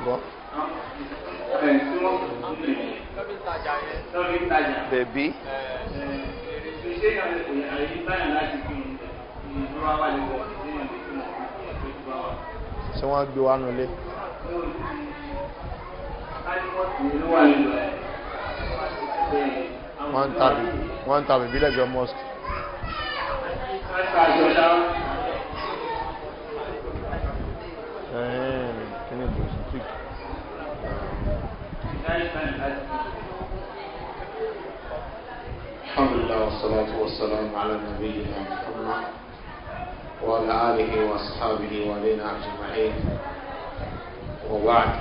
gbọ́. Tí wọ́n bẹ̀bí. ṣé wọ́n gbé wa nulẹ̀. wọ́n ń ta bèbí wọ́n ń ta bèbí lẹ́gbẹ̀ẹ́ الحمد لله والصلاة والسلام على نبينا محمد وعلى آله وأصحابه وعلينا أجمعين وبعد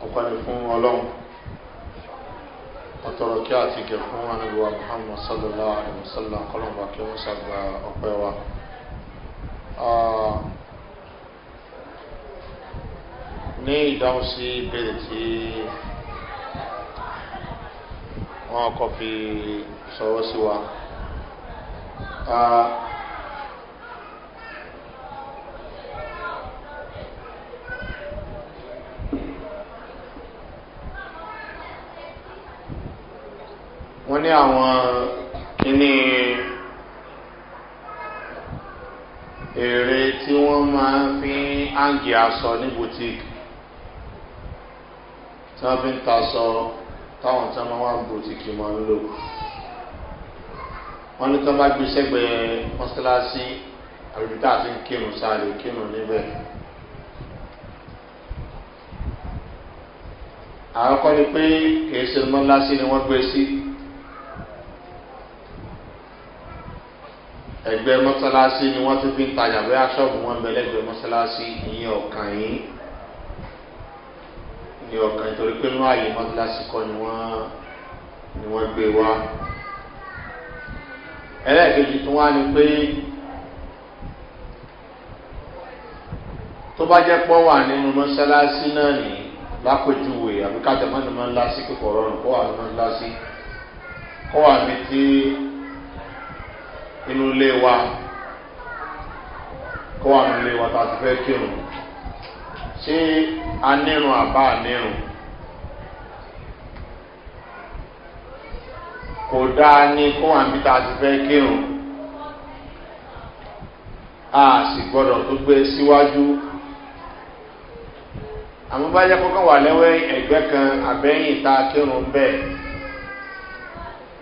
وقال لكم ولوم وتركاتي كفون عن محمد صلى الله عليه وسلم قلنا باكي وصد أقوى ní ìdáhùn sí ìbéèrè tí wọn kọ fi sọ̀rọ̀ sí wa wọ́n ní àwọn kíní èrè tí wọ́n máa fi áǹgì aṣọ ní boutique tí wọ́n fi ń ta aṣọ. So táwọn tí a máa wá ń bo tí kì í máa ń lò wọ́n ní tí wọ́n bá gbé sẹ́gbẹ̀ẹ́ mọ́sálásí àbíbí tá a ti ń kírun sáré kírun níbẹ̀. àkọ́kọ́ ni pé kìí ṣe mọ́sálásí ni wọ́n gbé sí ẹgbẹ́ mọ́sálásí ni wọ́n tún fi ń tajà bóyá ṣọ́ọ̀bù wọn bẹ lẹ́gbẹ̀ẹ́ mọ́sálásí ìyẹn ọ̀kan yìí ní ọkàn nítorí pé máa yìí mọ́tíláṣí kọ́ ni wọ́n gbé wá ẹlẹ́ẹ̀kejì tó wá ni pé tó bá jẹ́ pọ́ wà nínú mọ́ṣáláṣí náà ní lápèjúwe àbí kájà mọ́ni máa ń lásí kíkọ̀ rọrùn kó wà ní máa ń lásí kó wà ní tí inú ilé wa kó wà ní ilé wa tá a ti fẹ́ kírun ṣé anírun àbá anírun kò dáa ní kó wà níbi a ti fẹ́ kírun a sì gbọ́dọ̀ tó gbé síwájú àmọ́ bá jẹ́ kọ́kọ́ wà lẹ́wẹ́ ẹ̀gbẹ́ kan àbẹ́yìn tá kírun bẹ́ẹ̀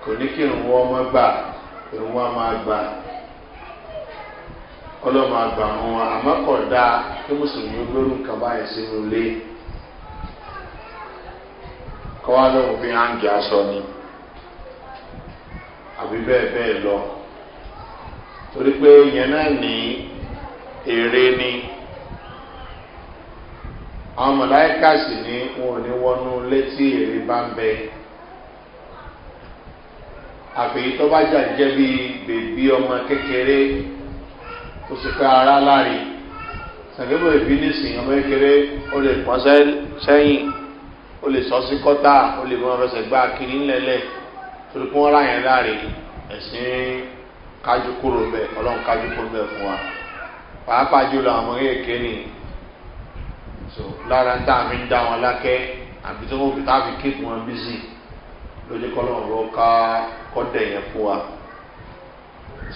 kò ní kírun wọ́n mọ́ gbà kírun wọ́n máa gbà kọlọ́mọ àgbà wọn àmọ́kọ̀dá kí mùsùlùmí gbórùn kan báyìí sínú ilé kọ́wá lọ́wọ́ fi hàǹgì aṣọ ni àbí bẹ́ẹ̀ bẹ́ẹ̀ lọ torí pé yẹn náà ní èrè ni àwọn mọ̀láyíkà sì wọn ò ní wọnú létí èrè bá ń bẹ àfẹ́yìntọ́ jẹ́ bí bèbí ọmọ kékeré kò sì pé ara láre sàgbébò ìbí nísìnyí ọmọ kékeré ó lè pọ́n sẹ́yìn ó lè sọ sí kọ́tà ó lè mọ fẹsẹ̀ gbá kiri ńlẹ̀lẹ̀ torí pé wọ́n rà yẹn láre ẹ̀sìn kájú kúrò bẹ́ẹ̀ ọlọ́run kájú kúrò bẹ́ẹ̀ fún wa pàápàá jùlọ àwọn kéèké ni so lára tá a fi ń dá wọn lákẹ́ àbí tí wọ́n fi tá a fi kéèkù wọn bí sí lójú kọ́lọ́run ló ká kọ́dẹ̀ yẹn fún wa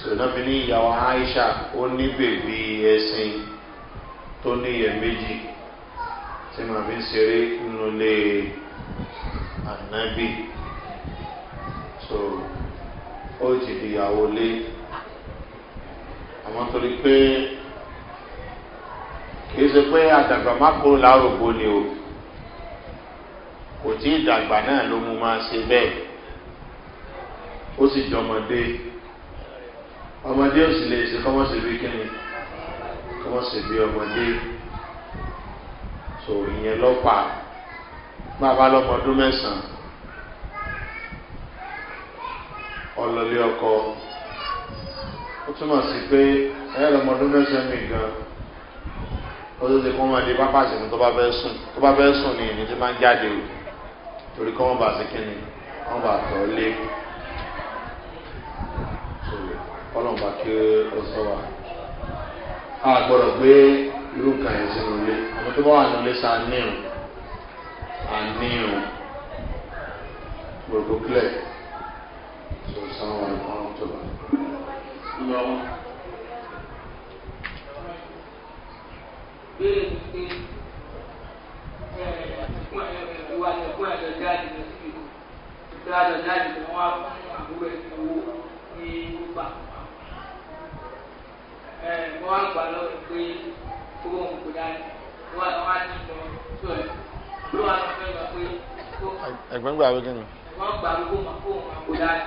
sọ̀nàfin ní ìyàwó aisha ó ní bèbí ẹ̀sìn tó ní iye méjì tí màá fi ń ṣeré nínú ilé ànábì so ó ti di ìyàwó lé àmọ́ torí pé kìí ṣe pé àdàgbà má kó lárògbò ni o kò tí ìdàgbà náà ló mú máa ṣe bẹ́ẹ̀ ó sì jọmọdé ọmọdé ò sì lè ṣe kọ́mọ́ sí bí kíni kọ́mọ́ sí bí ọmọdé so ìyẹn lọ́pàá bàbá lọ́mọ ọdún mẹ́sàn-án ọlọ́lé ọkọ ó túmọ̀ sí pé ẹ̀yẹ́ lọ́mọ ọdún mẹ́sàn-án mi gan ó tó ti kọ́ ọmọdé pápá sí ni tó bá fẹ́ sùn tó bá fẹ́ sùn ni ìní ti máa ń jáde o torí kọ́ wọn bá sí kíni wọn bá tọ́ lé ọlọ́mọba kí ó sọ wa a gbọ́dọ̀ gbé irú nǹkan yẹn sínú ilé àwọn tó bá wà nílé sa níhùn àníhùn gbogbo clear so sáwọn ọ̀nà ọ̀hún tó bá. Béèrè ti pé ìwà ẹ̀kọ́ ẹ̀rọ jáde lọ sí ìlú. Ìtura lọ jáde lọ wá fún àbúrò ẹ̀kọ́ owó ní gbogbo àpò wọ́n wá gbà lọ́wọ́ pé owó ń kó dání wọ́n wá ní lọ tó ẹ̀ ló wà lọ fẹ́ gbà pé. ẹ̀gbọ́n gbà wí kíni. wọ́n gbà wí kó máa kó máa kó dání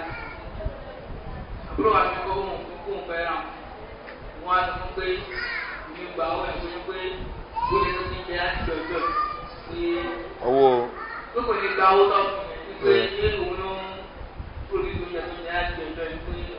àbúrò wa fi kó òun kó òun fẹ́ ra wọ́n á sọ pé mi gbà owó ẹ̀ pé pé gbóni ló ti jẹ́ láti lọ́jọ́ pé. owó. ó kò ní gba owó tó pé ilé ìwòrán tó ní ìlú yẹn tó jẹ́ láti lọ́jọ́ pé.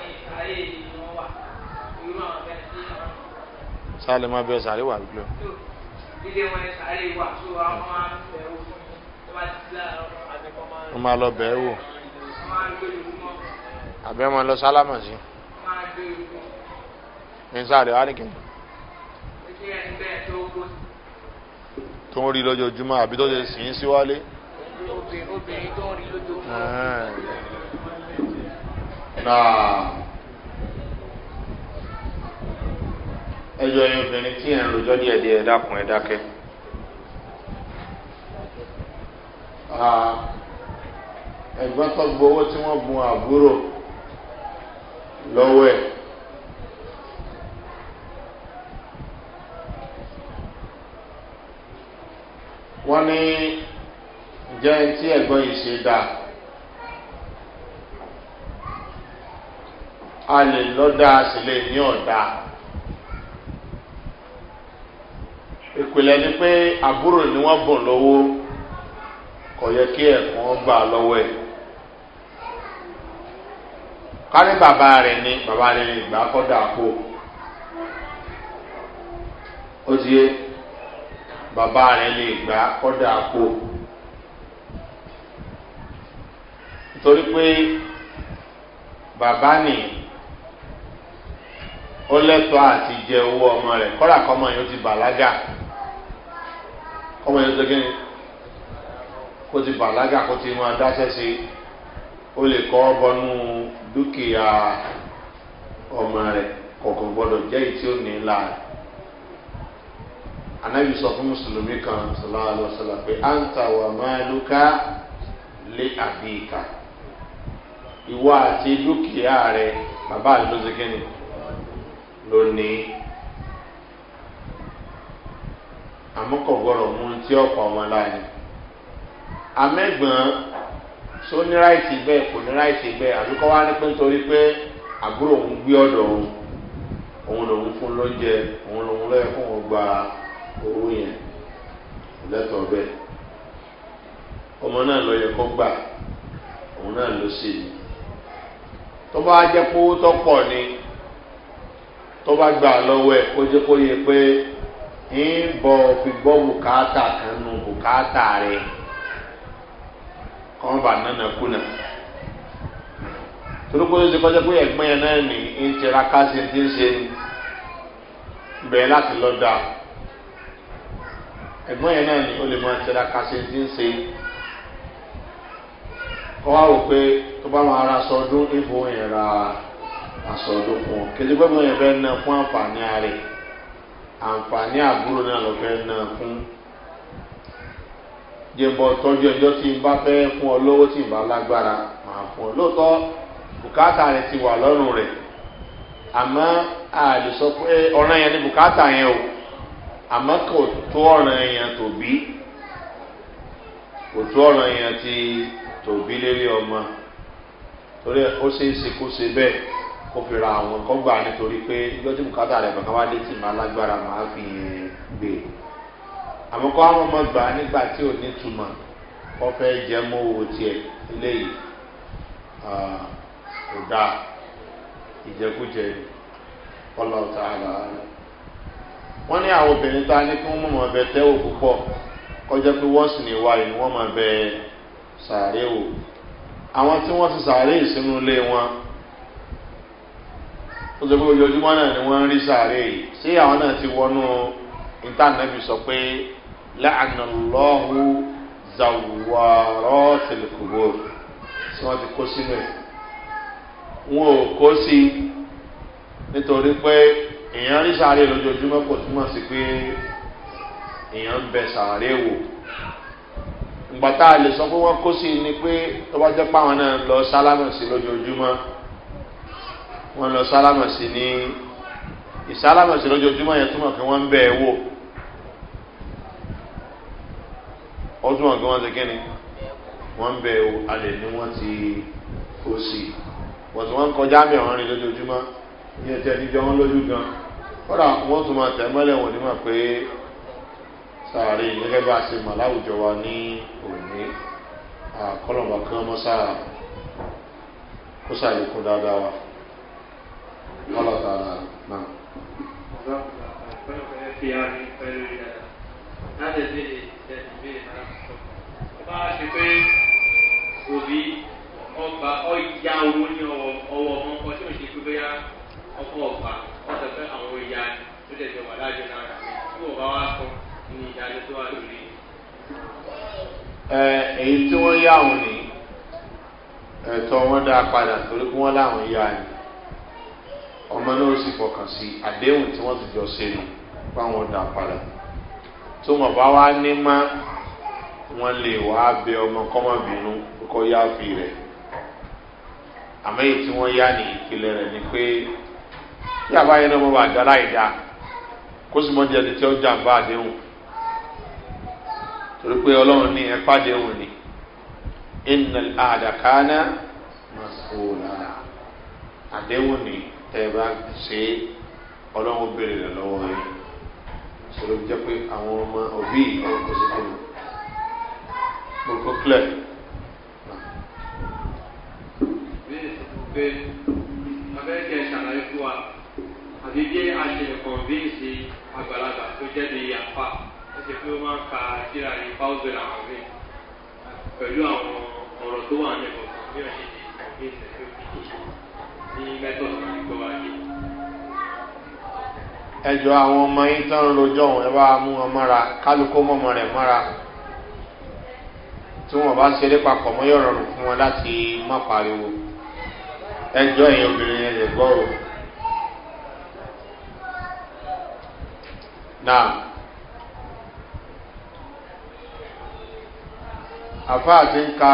sáàlẹ̀ máa bẹ sàárè wà lọ. ilé wọn sàárè wà tó àwọn máa ń bẹ̀ wò tó bá ti sílẹ̀ àwọn wọ́n máa lọ bẹ̀ wò. àbẹ́ máa lọ sálámà sí. ní sàárè wà nìkan. tó ń rí lójoojúmọ́ àbí tó ṣe sìn sí wálé. obìnrin tó ń rí lójoojúmọ́. náà. ẹjọ́ yín obìnrin tí ẹ̀ ń rojọ́ díẹ̀ díẹ̀ dákun ẹ̀ dákẹ́. ẹ̀gbọ́n tó gbowó tí wọ́n bun àbúrò lọ́wọ́ ẹ̀. wọ́n ní jẹ́ tí ẹ̀gbọ́n yìí ṣe dáa. a lè lọ́dà sílẹ̀ ní ọ̀dà. ìpìlẹ̀ ni pé àbúrò ni wọ́n bùn lọ́wọ́ kò yẹ kí ẹ̀kún gbà lọ́wọ́ ẹ̀ kárí bàbá rẹ̀ ni bàbá rẹ̀ ni ìgbà kọ́dà kó ó ti yé bàbá ni ìgbà kọ́dà kó nítorí pé bàbá ni ó lẹ́tọ̀ọ́ àti jẹ owó ti bàlágà. ọmọ yẹn ṣe kíni kó ti bàlágà kó ti máa dáṣẹ́ sí ó lè kọ́ bọnú dúkìá ọmọ rẹ̀ kọ̀ọ̀kan gbọ́dọ̀ jẹ́ èyí tí ó ní ńlá rẹ̀ anabi sọ fún mùsùlùmí kan sọlá alọ́sọlá pé à ń ta wà máa lóka lé àbíkà ìwọ àti dúkìá rẹ bàbá rẹ ló ṣe kíni lónìí àmọ́kọ̀ gbọ́dọ̀ mú tí ọ̀pọ̀ wọn láàyè amẹ́gbọ̀n tó ní ráìtì bẹ́ẹ̀ kò ní ráìtì bẹ́ẹ̀ àbíkọ́ wá ní pé nítorí pé àbúrò òun gbé ọ̀dọ̀ òun òun lòun fún lóúnjẹ òun lòun lọ́yẹ fún òun gba owó yẹn lẹ́tọ̀ọ́ bẹ́ẹ̀ ọmọ náà lọ́yẹ kọ́ gbà òun náà ló sì ní tó bá jẹ́ pé owó tó pọ̀ ni tó bá gbà lọ́wọ́ ẹ̀ kó jẹ́ kó yẹ pé. ń bọ̀ òfin gbọ́ bùkátà kan nu bùkátà rẹ̀ kọ́ bà nánà kùnà torókó ló kọjá pé ẹ̀gbọ́n yẹn náà ní ti ń ṣe bẹ̀rẹ̀ láti ẹ̀gbọ́n yẹn náà ní máa ti ń ṣe kọ́ wá wò pé tó bá máa ra aṣọ ọdún ra aṣọ ọdún fún ọ gbọ́dọ̀ yẹn àǹfààní àbúrò náà lọ fẹ́ náà fún jẹ́bọ tọ́jú ẹjọ́ tí n bá fẹ́ fún ọ lọ́wọ́ tí n bá lágbára màá fún ọ lóòótọ́ bùkátà rẹ ti wà lọ́rùn rẹ̀ àmọ́ àlè sọ pé ọ̀ràn yẹn ni bùkátà yẹn o àmọ́ kò tó ọ̀ràn yẹn tòbí kò tó ọ̀ràn yẹn ti tòbí lérí ọmọ torí ó ṣeé ṣe kó ṣe bẹ́ẹ̀. kó fira ra àwọn kó gbà nítorí pé ìjọ tí bùkátà rẹ̀ bàkà wá dé tì máa lágbára máa fi gbé àmọ́ kó àwọn ọmọ gbà nígbà tí ò ní túmọ̀ kó fẹ́ jẹ́ mọ́ owó tiẹ̀ léyìí kò dáa ìjẹkújẹ ọlọ́ọ̀ta àlà wọ́n ní àwọn obìnrin tá a ní kí wọ́n mọ̀ ọbẹ̀ tẹ́wò púpọ̀ kọjá pé wọ́n sì ní wá máa bẹ sàárè wò ó sọ pé ojoojúmọ́ náà ni wọ́n ń rí sáré yìí sí àwọn náà ti wọnú ìtànàbí sọ pé láàánú lọ́hùn zàwárọ́ tìlùkùbò tí wọ́n ti kó sínú ẹ̀ wọn ò kó sí nítorí pé èèyàn rí sáré lójoojúmọ́ kò túmọ̀ sí pé èèyàn ń bẹ sáré wò ìgbà tá a lè sọ pé wọ́n kó sí ni pé tó bá pàwọn náà lọ sálámù sí lójoojúmọ́ wọ́n lọ sálámọ̀sí ní ìsálámọ̀sí lójoojúmọ́ yẹn túmọ̀ kí wọ́n ń bẹ̀ ẹ́ wò ó túmọ̀ kí wọ́n ti kí ni wọ́n ń bẹ̀ ẹ́ wò ni wọ́n ti kó sí i wọ́n tún wọ́n ń kọjá mi ọ̀rìn lójoojúmọ́ ní ẹ̀tẹ́ ẹni jọ wọ́n lójú gan kódà wọ́n tún máa tẹ̀ mọ́lẹ̀ wọ̀n nímọ̀ pé sàárè gẹ́gẹ́ bá a ṣe mọ̀ láwùjọ wa ní òní àkọlọ̀mọ̀ kan mọ́sà kó sàlékún dáadáa wa. الله تعالى نعم في يعني هذا الذي به bá a ṣe pé òbí ọgbà ọ̀ya owó ní ọwọ́ ọmọ ọkọ tí ò ṣe pé bóyá ọkọ ọgbà ọ̀sẹ̀ fẹ́ àwọn ìyá tó dẹ̀ jọ wà láàjọ náírà tí wọ́n bá wá sọ ní ìdájọ́ tó wà lórí. èyí tí wọ́n yá òun ni ẹ̀tọ́ wọn dá padà torí kí wọ́n láwọn yá ni ọmọ náà sì fọkàn sí àdéhùn tí wọ́n ti jọ sínú báwọn dà padà tó wọn bá wá ní má wọn lè wá bẹ ọmọ kọ́mọ̀bínú kọ́ yá fi rẹ̀ àmọ́ èyí tí wọ́n yá ní ìpìlẹ̀ rẹ̀ ni pé tí àbáyé náà wọ́n bá dá láì kó sì mọ́ jẹ́ni tí ó jàǹbá àdéhùn torí pé ọlọ́run ní ẹ̀pá àdéhùn ni ìnà àdàkánná àdéhùn ni tẹ́ ẹ bá ṣe é ọlọ́run bèrè rẹ̀ lọ́wọ́ rẹ̀ sọ̀rọ̀ jẹ́ pé àwọn ọmọ òbí ọ̀hún kò sí fún mi. mo kọ́ clear. pé abẹ́rẹ́kẹ́ ṣàlàyé fún wa àti bí a ṣe kọ̀ǹvínsì àgbàlagbà tó jẹ́ pẹ̀lú àwọn ọ̀rọ̀ tó wà nínú ọ̀gbìn ọ̀ṣẹ́ ní kọ̀ǹvínsì tó ẹjọ́ àwọn ọmọ yìí tán lójọ́ wọn ẹbá mú wọn mọ́ra kálukó mara. rẹ̀ mọ́ra tí wọ́n bá ṣeré papọ̀ mọ́ yọ̀rọ̀ rùn fún wọn láti má pariwo ẹjọ́ obìnrin yẹn lè náà ti ń ka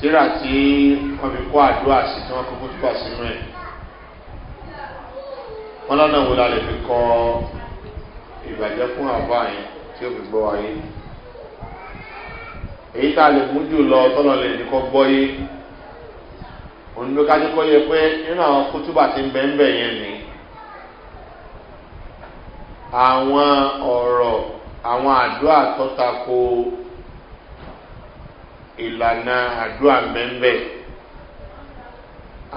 tíra tí wọ́n fi kọ́ àdúrà sí tí wọ́n kókó túbà sínú ẹ̀ wọ́n lọ́nà wo la lè fi kọ ìbàjẹ́ fún àbá yẹn tí ó fi gbọ́ wáyé èyí tá a lè mú jù lọ tọ́lọ̀ lè ní kọ́ gbọ́ yé onídókájú kọ́ yẹ pé nínú àwọn kótóbà ti ń bẹ́ ń bẹ̀ yẹn ni àwọn ọ̀rọ̀ àwọn àdúrà tó ko ìlànà àdúrà mẹ́ńbẹ́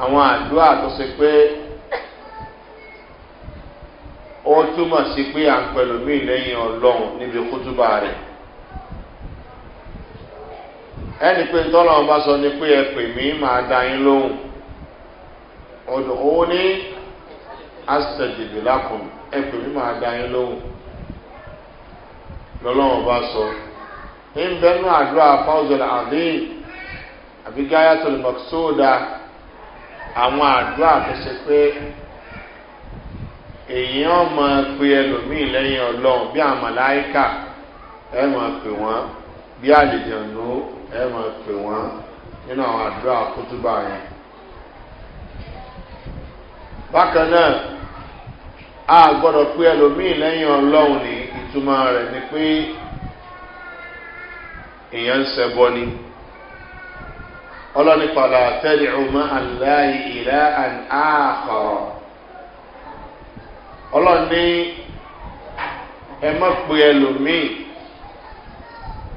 àwọn àdúrà tó ṣe pé ó túmọ̀ sí pé à ń pẹ̀lú mí lẹ́yìn ọlọ́run níbi kútúbà rẹ̀ ẹni pé sọ ni pé ẹ pè mí da yín lóhùn ọdún ó ní asẹ̀jìbì ẹ pè mí da ń bẹnu àdúrà fáwùzọ̀lá àdéhìn àbí gáyà tó lè mọ̀ sóòdà àwọn àdúrà tó ṣe pé èèyàn máa pe ẹlòmíì lẹ́yìn ọlọ́run bí àwọn màláìkà ẹ máa pè wọ́n bí àlejànú ẹ máa pè wọ́n nínú àwọn àdúrà kútúbà yẹn. bákan náà a gbọ́dọ̀ pe ẹlòmíì lẹ́yìn ọlọ́run ní ìtumọ̀ rẹ̀ ni pé èèyàn ń sẹ́bọ ni ọlọ́ni padà tẹ́lẹ̀ ọmọ aláì ìlà àn áàkọ̀rọ̀ ọlọ́ni ẹ mọ̀ pé ẹlòmíì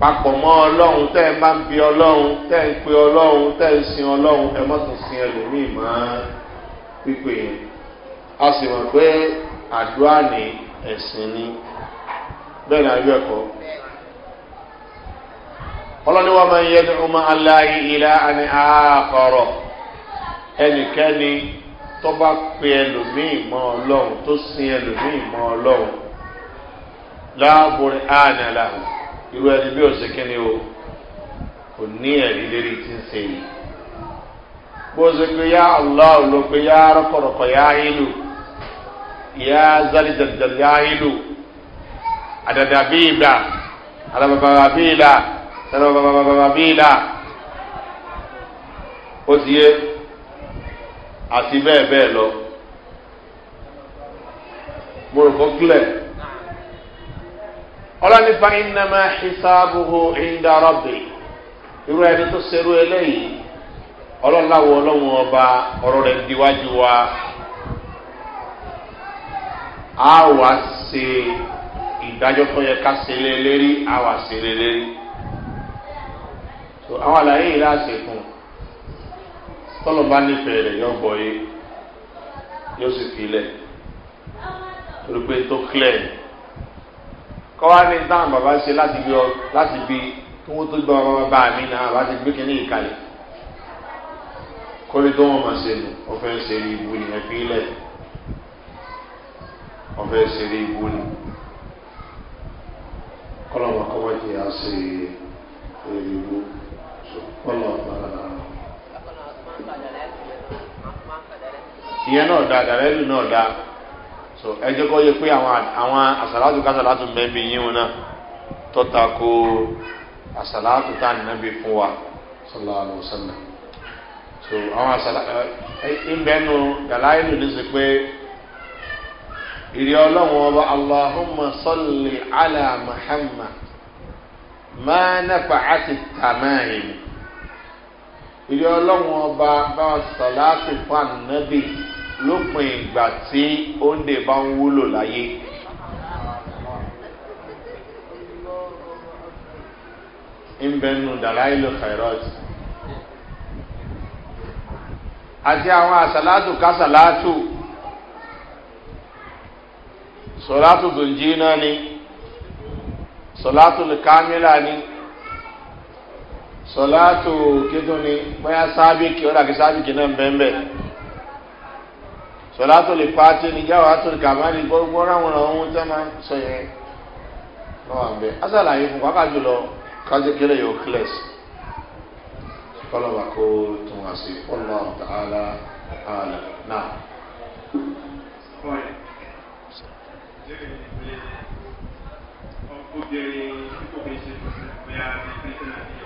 papọ̀ mọ́ ọlọ́run tẹ́ ẹ bá ń bi ọlọ́run tẹ́ ẹ ń ọlọ́run tẹ́ ẹ sin ọlọ́run ẹ mọ̀ tún sin ẹlòmíì mọ́ pípé yẹn a sì mọ̀ pé àdúrà ní ẹ̀sìn ni bẹ́ẹ̀ ni ayọ́ ẹ̀kọ́ ọlọ́ni wọn máa ń yẹ dùn ọmọ aláì ilá àní àkọrọ ẹnikẹ́ni tó bá pe ẹlòmíì mọ́ ọlọ́run tó sin ẹlòmíì mọ́ ọlọ́run láàbùrẹ́ ànàlà irú ẹni bí òsè kínní o kò ní ẹ̀rí lérí tí ń ṣe yìí bó ṣe pé yá allah ló pé yá rọ́kọ̀rọ̀kọ̀ yá ìlú yá zálìjàlìjàlì yá ìlú àdàdà bíi ìgbà àdàbàbà bíi ìlà ẹnu bàbàbàbà bíi là ó ti yé àti bẹ́ẹ̀ bẹ́ẹ̀ lọ mo rò kó kílẹ̀ ọlọ́ni fa ìnàmà ìsàbùhù ìdárọ́bì irú ẹni tó ṣerú eléyìí ọlọ́láwọ̀ ọlọ́wọ̀n ọba ọ̀rọ̀ rẹ̀ díwájú wa a wá ṣe ìdájọ́ tó yẹ ká ṣe lé lérí a wá ṣe lé lérí so àwọn àlàyé yìí láti fún tọ́lọ̀ bá nífẹ̀ẹ́ rẹ̀ yọ gbọ́ yé yóò sì fi lẹ̀ torí pé tó clear kọ́wá ní táwọn bàbá ṣe láti gbé ọ láti bí kí wọ́n tó gbé ọmọ bàbá mi náà bá ti gbé kínní ìkàlẹ̀ kọ́lé tó wọ́n máa ṣe nù ọ̀fẹ́ ṣe rí ibu ni ẹ̀ fi ọ̀fẹ́ ṣe rí ibu ni kọ́lọ́mọ kọ́mọ́ á ṣe rí kọ́lọ̀ ìyẹn náà da dàrẹ́lù náà da so ẹ jẹ́ kọ́ yẹ pé àwọn àsàlátù kásàlátù mẹ́bí yíwọn náà tọ́ta ko àsàlátù tá nínú fún wa sọlá àlùsọ́nà so àwọn àsàlátù ìbẹ́nu dàláìlù ní sí pé ìrì ọlọ́run ọba aláhùnmá sọ́lì alá muhammad máa nàfà àti tàmáyìmù ìrẹ́ ọlọ́run ọba bá sàlátì fànàbì lópin ìgbà tí oúnjẹ bá ń wúlò láyé. ìbẹ̀nu dàláìlò kairot àti àwọn àsàlátù kásàlátù sọ̀látù tó ń jí náà ni sọ̀látù lè kámílà ni sọ̀látò kíkún ni bóyá sábìkì ó dàbí sábìkì náà bẹ́ẹ̀ sọ̀látò lè pàtó ní jáwọ́ àtúntò kàmáàlì gbogbo ráwọn ohun tó máa ń sọ yẹn lọ́wọ́ àbẹ́ asàlàyé fún wákàtí lọ kájékélé yóò kílẹ̀ sí kọlọ́wà kó tún wá sí fọlọ́ tààlà ààlà náà. obìnrin tí kò fi ṣe bóyá bí kírísítì náà ní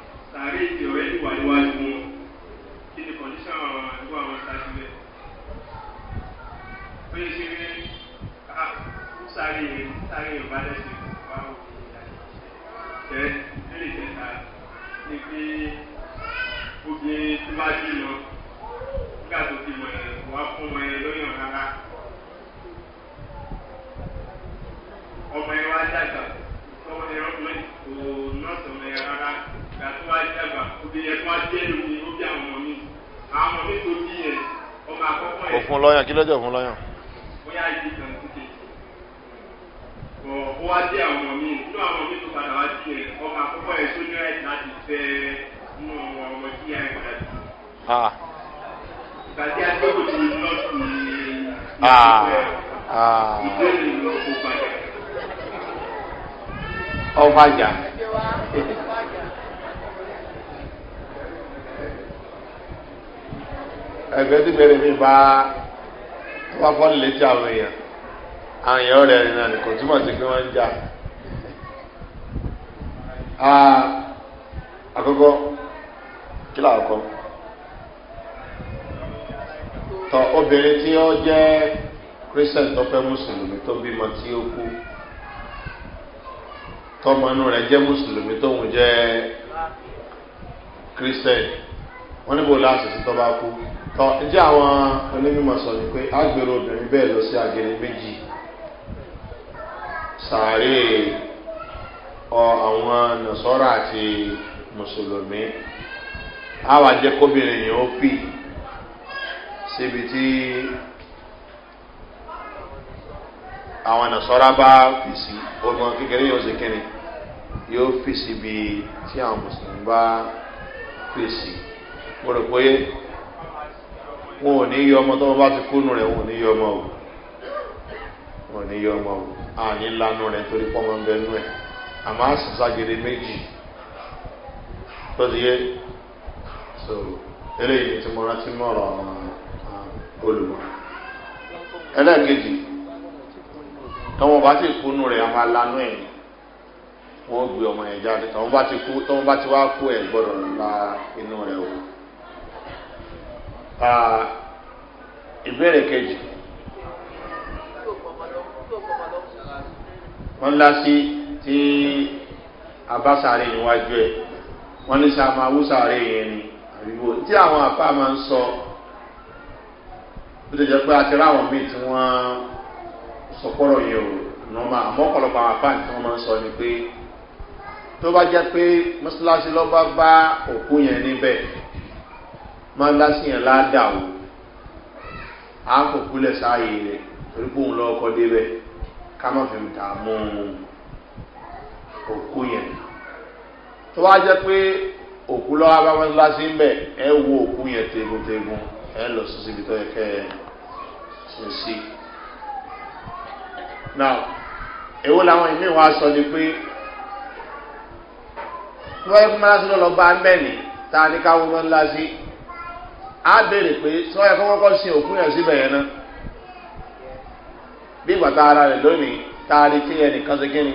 sàárè ti ọ̀rẹ́ ti wà níwájú wọn kí ni kọ̀díṣà àwọn àdúgbò àwọn sàṣìlẹ̀ pé ṣe pé a ń sáré yẹn sáré yẹn bá lẹ́sìn wá òkè lè pé obìnrin tó bá jù fún ọmọ lóyún rárá ọmọ wá ọmọ kò rárá. ìgbà tó wá dàgbà obìnrin tó wá jẹ́ lómi àwọn mi àwọn mi tó bí yẹn ọmọ àkọ́kọ́ yẹn. òfun lọ́yàn kí lọ́jọ́ òfun lọ́yàn. bóyá ìdí kan síkè ọ̀ ó wá dé àwọn mi nínú àwọn mi tó padà wá sí yẹn ọmọ àkọ́kọ́ yẹn tó ní láti fẹ́ nínú ọmọ tí yà ẹ̀ padà sí. ìgbà tí a gbọ́dọ̀ ti lọ́ọ̀tù ní ìbéèrè lọ́kọ̀ọ́ ọ̀fàjà. ẹgbẹ́ tí bẹ̀rẹ̀ mi bá wá fọ́ọ̀lì létí àwọn èèyàn àwọn èèyàn rẹ̀ rìn náà kò túmọ̀ sí pé wọ́n ń jà. àkọ́kọ́ kí làwọn kọ́ tọ obìnrin tí ó jẹ́ christian tó fẹ́ mùsùlùmí tó bímọ tí ó kú tọmọ inú rẹ̀ jẹ́ mùsùlùmí tóun jẹ́ christian wọ́n níbo láti sí tọ́ bá kú tọ́ ẹjẹ́ àwọn onímọ̀ sọ ni pé agbèrò obìnrin bẹ́ẹ̀ lọ sí agẹni méjì sàárè ọ àwọn nàṣọ́rà àti mùsùlùmí àwọn àjẹkọ́bìnrin yẹn ó pì síbi tí àwọn nàṣọ́rà bá fi sí ọmọ kékeré yóò ṣe kẹ́ni yóò fi síbi tí àwọn mùsùlùmí bá fi sí mo rò pé wọn ò ní yọ ọmọ tó wọn bá ti kúnnù rẹ wọn ò ní yọ ọmọ o wọn ò ní yọ ọmọ o àní lanu rẹ torí pọmọ ń bẹ nú ẹ àmọ́ àṣìṣàgèrè méjì tó ti yé so eléyìí tí mo rántí mọ̀rọ̀ olùmọ̀ ẹlẹ́ẹ̀kejì tọ́wọ́n bá ti kúnnù rẹ̀ àwọn alánú ẹ̀ wọ́n gbé ọmọ ẹ̀ jáde tọ́wọ́n bá ti wá kú ẹ̀ gbọ́dọ̀ la inú rẹ̀ wò ìbéèrè kejì wọ́n lásí tí abásáré níwájú ẹ̀ wọ́n ní sàmà awúsáré yẹn ni àríwó tí àwọn àpá máa ń sọ bí tó jẹ́ pé àti ráwọn míì tí wọ́n sọpọ́rọ̀ yẹn o nọ́mà àmọ́ ọ̀pọ̀lọpọ̀ àwọn àpá tí wọ́n máa ń sọ ni pé tó bá jẹ́ pé mọ́ṣáláṣí lọ́ bá bá òkú yẹn níbẹ̀ máa lásì yẹn ládàá o á kò kúlẹ̀ sáàyè rẹ̀ torí pé òun lọ́kọ́ débẹ̀ ká má fi ta mú òkú yẹn tó wá jẹ́ pé òkú lọ́wọ́ bá wọn lásì ń bẹ̀ ẹ wo òkú yẹn teguntegun ẹ lọ sí síbi tó yẹ kẹ́ ẹ sùn sí. now èwo làwọn ìmí wa sọ ni pé wọ́n yẹ kó máa lásì lọ́ọ́ lọ́ọ́ bá mẹ́ni tá a ní ká wọ́n lásì á béèrè pé tí wọ́n yẹ kó kọ́kọ́ sin òkú yẹn síbẹ̀ yẹn náà bí ìgbà tá ara rẹ̀ lónìí tá a rí kí ẹnìkan ṣe kíni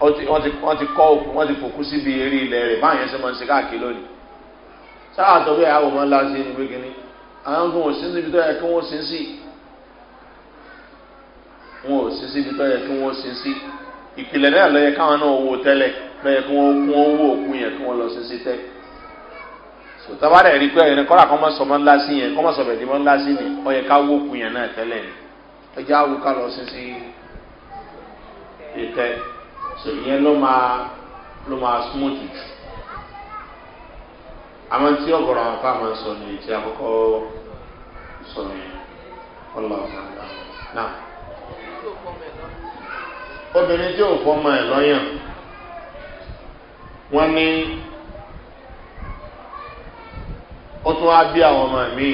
wọ́n ti kọ́ òkú wọ́n ti fòkú síbi eré ilẹ̀ rẹ̀ báyẹn ṣe máa ń ṣe káàkiri lónìí sáà àtọ́gbé àwọn ọmọ ńlá sí ìwé kíní àwọn fún wọn sí síbi tó yẹ kí wọ́n sin sí wọn ò sí síbi tó yẹ kí wọ́n sin sí ìpìlẹ̀ náà lọ́yẹ káwọn náà wò tẹ́lẹ̀ lọ́yẹ kí wọ́n wò òkú yẹn kí wọ́n lọ sí sí tẹ́lẹ̀ tọ́ba rẹ̀ rí pé ẹ̀rẹ́ kọ́ra kọ́ mọ́ sọmọ́ ńlá sí yẹn kọ́ mọ́ sọmọ́ ẹ̀dínmọ́ ńlá sí ni ọ yẹ ká wó kun yẹn náà tẹ́lẹ̀ ni ẹ jẹ́ àwò ká lọ sí sí ìtẹ́ sọ ìyẹn ló máa ló máa súnmọ́ tutù àmọ́ tí ọ̀gọ̀rọ̀ àwọn afá máa ń sọ ní ìtì àkọ́kọ́ sọ ní ọlọ́ọ̀gá obìnrin tí ò fọ́ ọmọ ẹ̀ lọ́yàn ní ó tún wá bí àwọn ọmọ mi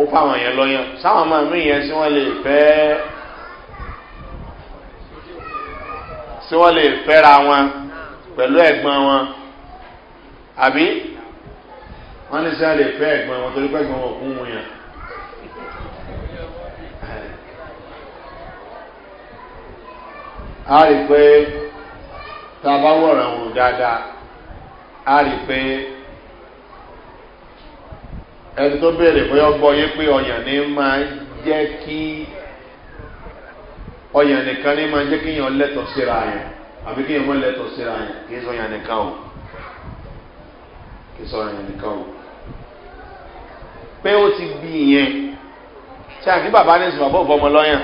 ó pa àwọn yẹn lọ́yàn sáwọn ọmọ mi yẹn sí wọ́n lè fẹ́ sí wọ́n lè fẹ́ra wọn pẹ̀lú ẹ̀gbọ́n wọn àbí wọ́n ní sẹ́ lè fẹ́ ẹ̀gbọ́n wọn torí pẹ́gbọ́n wọn kún wọn yàn. a rí i pé tá a bá wọ̀ràn wọn dáadáa a rí i pé ẹni tó béèrè bóyá gbọ́ yé pé ọ̀yàn ní máa jẹ́ kí ọ̀yàn nìkan ní máa jẹ́ kí yàn lẹ́tọ̀ síra yẹn àbí kí yàn mọ́ lẹ́tọ̀ síra yẹn kì í sọ yàn nìkan o kì í sọ yàn nìkan o pé ó ti bí ìyẹn ṣé àti bàbá ní sùn bàbá ò lọ́yàn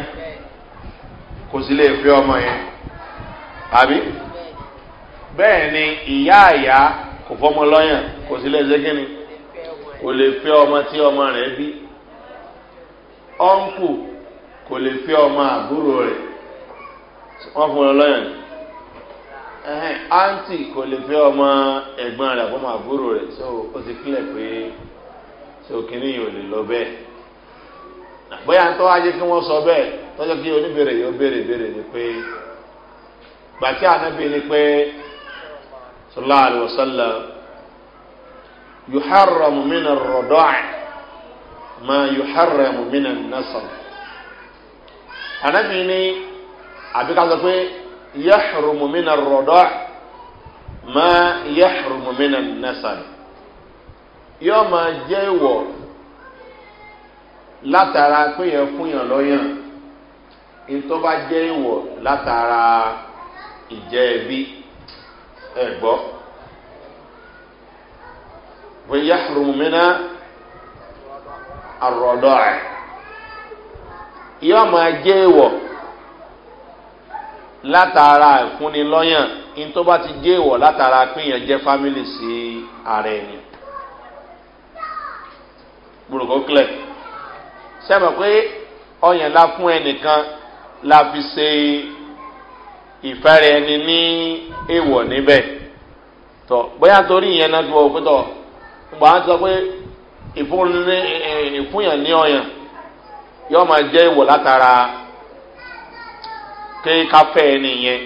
kò sí lè fi ọmọ yẹn àbí bẹ́ẹ̀ ni ìyá àyà kò fọmọ lọ́yàn kò sí lè ṣe kí ni kò lè fẹ́ ọmọ tí ọmọ rẹ̀ bí ọ̀nkù kò lè fẹ́ ọmọ àbúrò rẹ̀ wọ́n fún ọ lọ́yàn ni àǹtì kò lè fẹ́ ọmọ ẹ̀gbọ́n rẹ̀ àbọ̀mọ àbúrò rẹ̀ so ó ti kílẹ̀ pé so kìnìún yìí ò lè lọ bẹ́ẹ̀ bóyá ń tọ́ ajé kí wọ́n sọ bẹ́ẹ̀ tọ́jọ́ kí oníbèrè yóò béèrè béèrè ni pé gbàtí ànábì ni pé sọlá àlùwọ̀sálà yuharramu mina rọdọ́à ma yuharramu mina nasar anabi ni àbí ká sọ pé yahrumu mina rọdọ́à ma yahrumu mina nasar yóò máa jẹ́ ìwọ̀ látara pé yẹn fún yàn lọ́yàn ntọ́ bá jẹ́ ìwọ̀ látara ìjẹ́ ẹbí ẹ̀ gbọ́. Eh, ويحرم من الرضاع yóò máa jẹ́ ìwọ̀ látara ìfúnni lọ́yàn in tó bá ti jẹ́ ìwọ̀ látara pínyàn jẹ́ fámìlì sí ara ẹni gbòròkó clear sẹ́mi pé ọyàn la fún ẹnìkan la fi ṣe ìfẹ́rẹ̀ ẹni ní ìwọ̀ níbẹ̀ tọ́ bóyá torí ìyẹn náà tó wọ́n pé tọ́ mgbe àwọn sọ pé ìfúnyàn ní ọyàn yóò ma jẹ ìwọ̀ látara pé káfẹ́ ẹni yẹn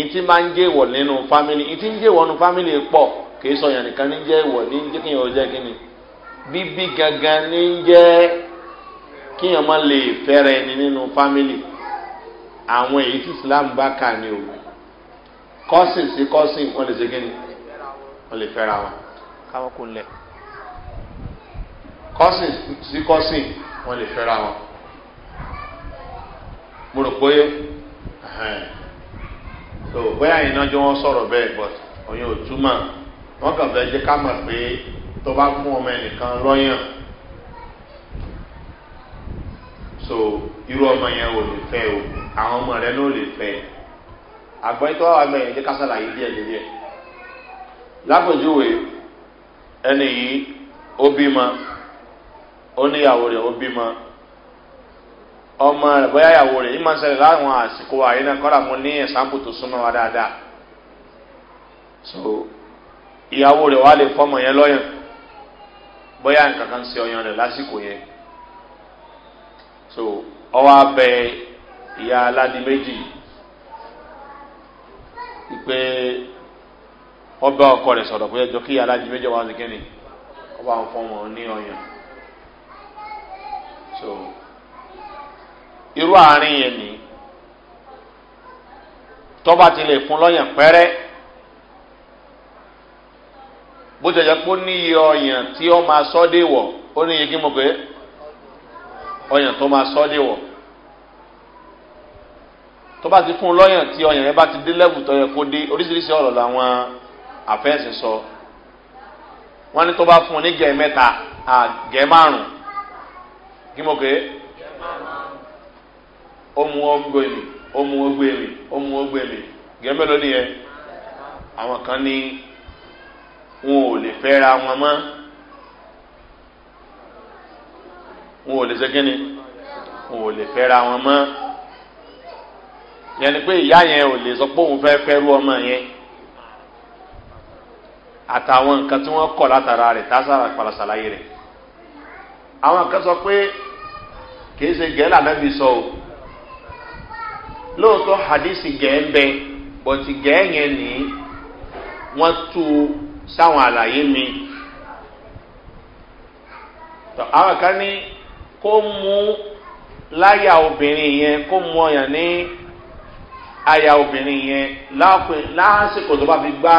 ìtí máa nje jẹ́ ìwọ̀ nínú fámìlì ìtí ń jẹ́ ìwọ̀ nínú fámìlì pọ̀ kìí sọyàn nìkan ní jẹ́ gịnị ní jẹ́ kíyàn ó jẹ́ ma le fere ní jẹ́ àwọn káwọn kò lẹ̀ kọ́sìn sí kọ́sìn wọ́n lè fẹ́ra wọn mo rò pé so bóyá iná jọ wọn sọ̀rọ̀ bẹ́ẹ̀ but òyìn ò túmọ̀ wọ́n kàn fẹ́ jẹ́ ká mọ̀ pé tó bá fún ọmọ ẹnìkan lọ́yàn so irú ọmọ yẹn ò lè fẹ́ o àwọn ọmọ rẹ ló lè fẹ́ àgbẹ̀ tó wà lọ́yìn jẹ́ ká sàlàyé díẹ̀ lórí ẹ̀ ẹni yìí ó bímọ ó níyàwó ọmọ rẹ̀ bóyá ìyàwó rẹ̀ yìí máa ń ṣẹlẹ̀ láwọn àsìkò àyè náà kọ́ra mo ní ẹ̀sánpù tó súnmọ́ wa dáadáa so ìyàwó rẹ wà lè fọmọ yẹn lọ́yàn bóyá nǹkan kan ṣe ọyàn lásìkò yẹn so ọwọ́ abẹ ìyá aládìí méjì ọba ọkọ rẹ sọ̀rọ̀ pé ẹjọ́ kí alájí méjọ wá sí kínní ọba ń fọ́ ní ọyàn so irú àárín yẹn ni tọ́ba ti lè fún lọ́yàn pẹ́rẹ́ bó ṣe jẹ́ pé ó ní iye ọyàn tí ó máa sọ́ dé wọ̀ ó ní iye kí mo pè é ọyàn tó máa sọ́ dé wọ̀ tọ́ba ti fún lọ́yàn tí ọyàn yẹn bá ti dé lẹ́bù tó kó dé oríṣiríṣi ọ̀rọ̀ làwọn àfẹ́sìn sọ wọ́n ní tó bá fún un ní gẹ̀ẹ́ mẹ́ta gẹ̀ẹ́ márùn-ún kí mo pè é ó mú ọgbẹ́ mi ó mú ọgbẹ́ mi ó mú ọgbẹ́ mi gẹ̀ẹ́ mélòó nìyẹn àwọn kan ní wọn ò lè fẹ́ wọn mọ́ wọn ò lè ṣe wọn ò lè fẹ́ wọn mọ́ yẹn ni pé ìyá yẹn ò lè sọ pé òun fẹ́ fẹ́ ọmọ yẹn àtàwọn nǹkan tí wọ́n kọ̀ látara rẹ̀ tásàrà palasàlàyé rẹ̀ àwọn kan sọ pé kìí ṣe gẹ́ẹ́ lànàbí sọ o lóòótọ́ hadisi gẹ́ẹ́ ń bẹ bọ̀tì gẹ́ẹ́ yẹn ní wọ́n tú sáwọn àlàyé mi tọ́ àwọn kan ní kó mú láyà obìnrin yẹn kó mú ọyàn ní àyà obìnrin yẹn lásìkò tó bá fi gbá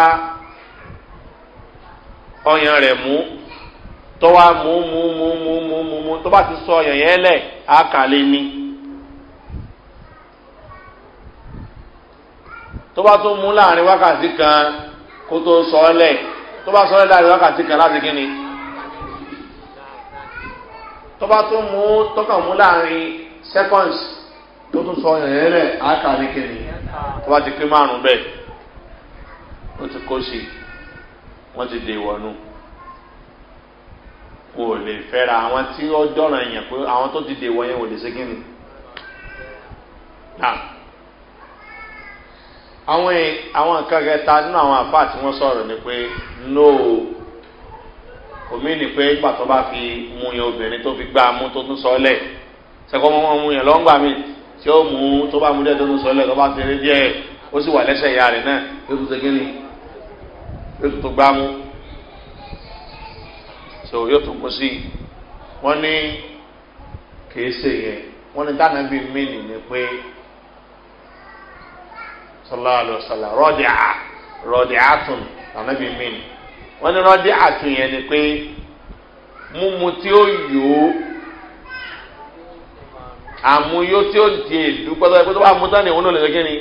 ọyàn rẹ̀ mú tọ́wá mú mú mú mú mú mú mú tó bá ti sọ ọyàn yẹn lẹ̀ á kà tó bá tún mú láàrin wákàtí kan kó tó sọ ọ lẹ̀ tó bá sọ ọ lẹ̀ láàrin wákàtí kan láti kíni. tó bá tún mú tọkàn mú láàrin seconds tó tún sọ ọyàn yẹn lẹ̀ á kíni tó bá ti pín márùn-ún ó ti kó sí i wọ́n ti dè wọnú wọn ò lè fẹ́ra àwọn tí ó dọ̀ràn yẹn pé àwọn tó ti dè wọ yẹn ò lè ṣe kí ni. àwọn àwọn nǹkan kẹta nínú àwọn àpá tí wọ́n sọ̀rọ̀ ni pé no omi ni pé ìgbà tó bá fi mú yẹn obìnrin tó fi gbá mú tó tún sọ lẹ̀ sẹ́kọ́ mọ́ mú yẹn lọ́ngbà mi tí ó mú tó bá mú dẹ́ tó tún sọ lẹ̀ tó bá ti rí díẹ̀ ó sì wà lẹ́sẹ̀ ìyá rẹ̀ náà tó tún ṣe kí yóò tún gbá mú so yóò tún kú sí wọ́n ní kìí ṣe yẹn wọ́n ní dáná bíi mínì ni pé sọlá àlọ́sọlá rọ́ọ̀dì á rọ́ọ̀dì á tún dáná bíi mínì wọ́n ní rọ́ọ̀dì á tún yẹn ni pé mímu tí ó yòó àmúyó tí ó di èdúpẹ́ tó bá mú tán ni òun náà lè lọ kí ni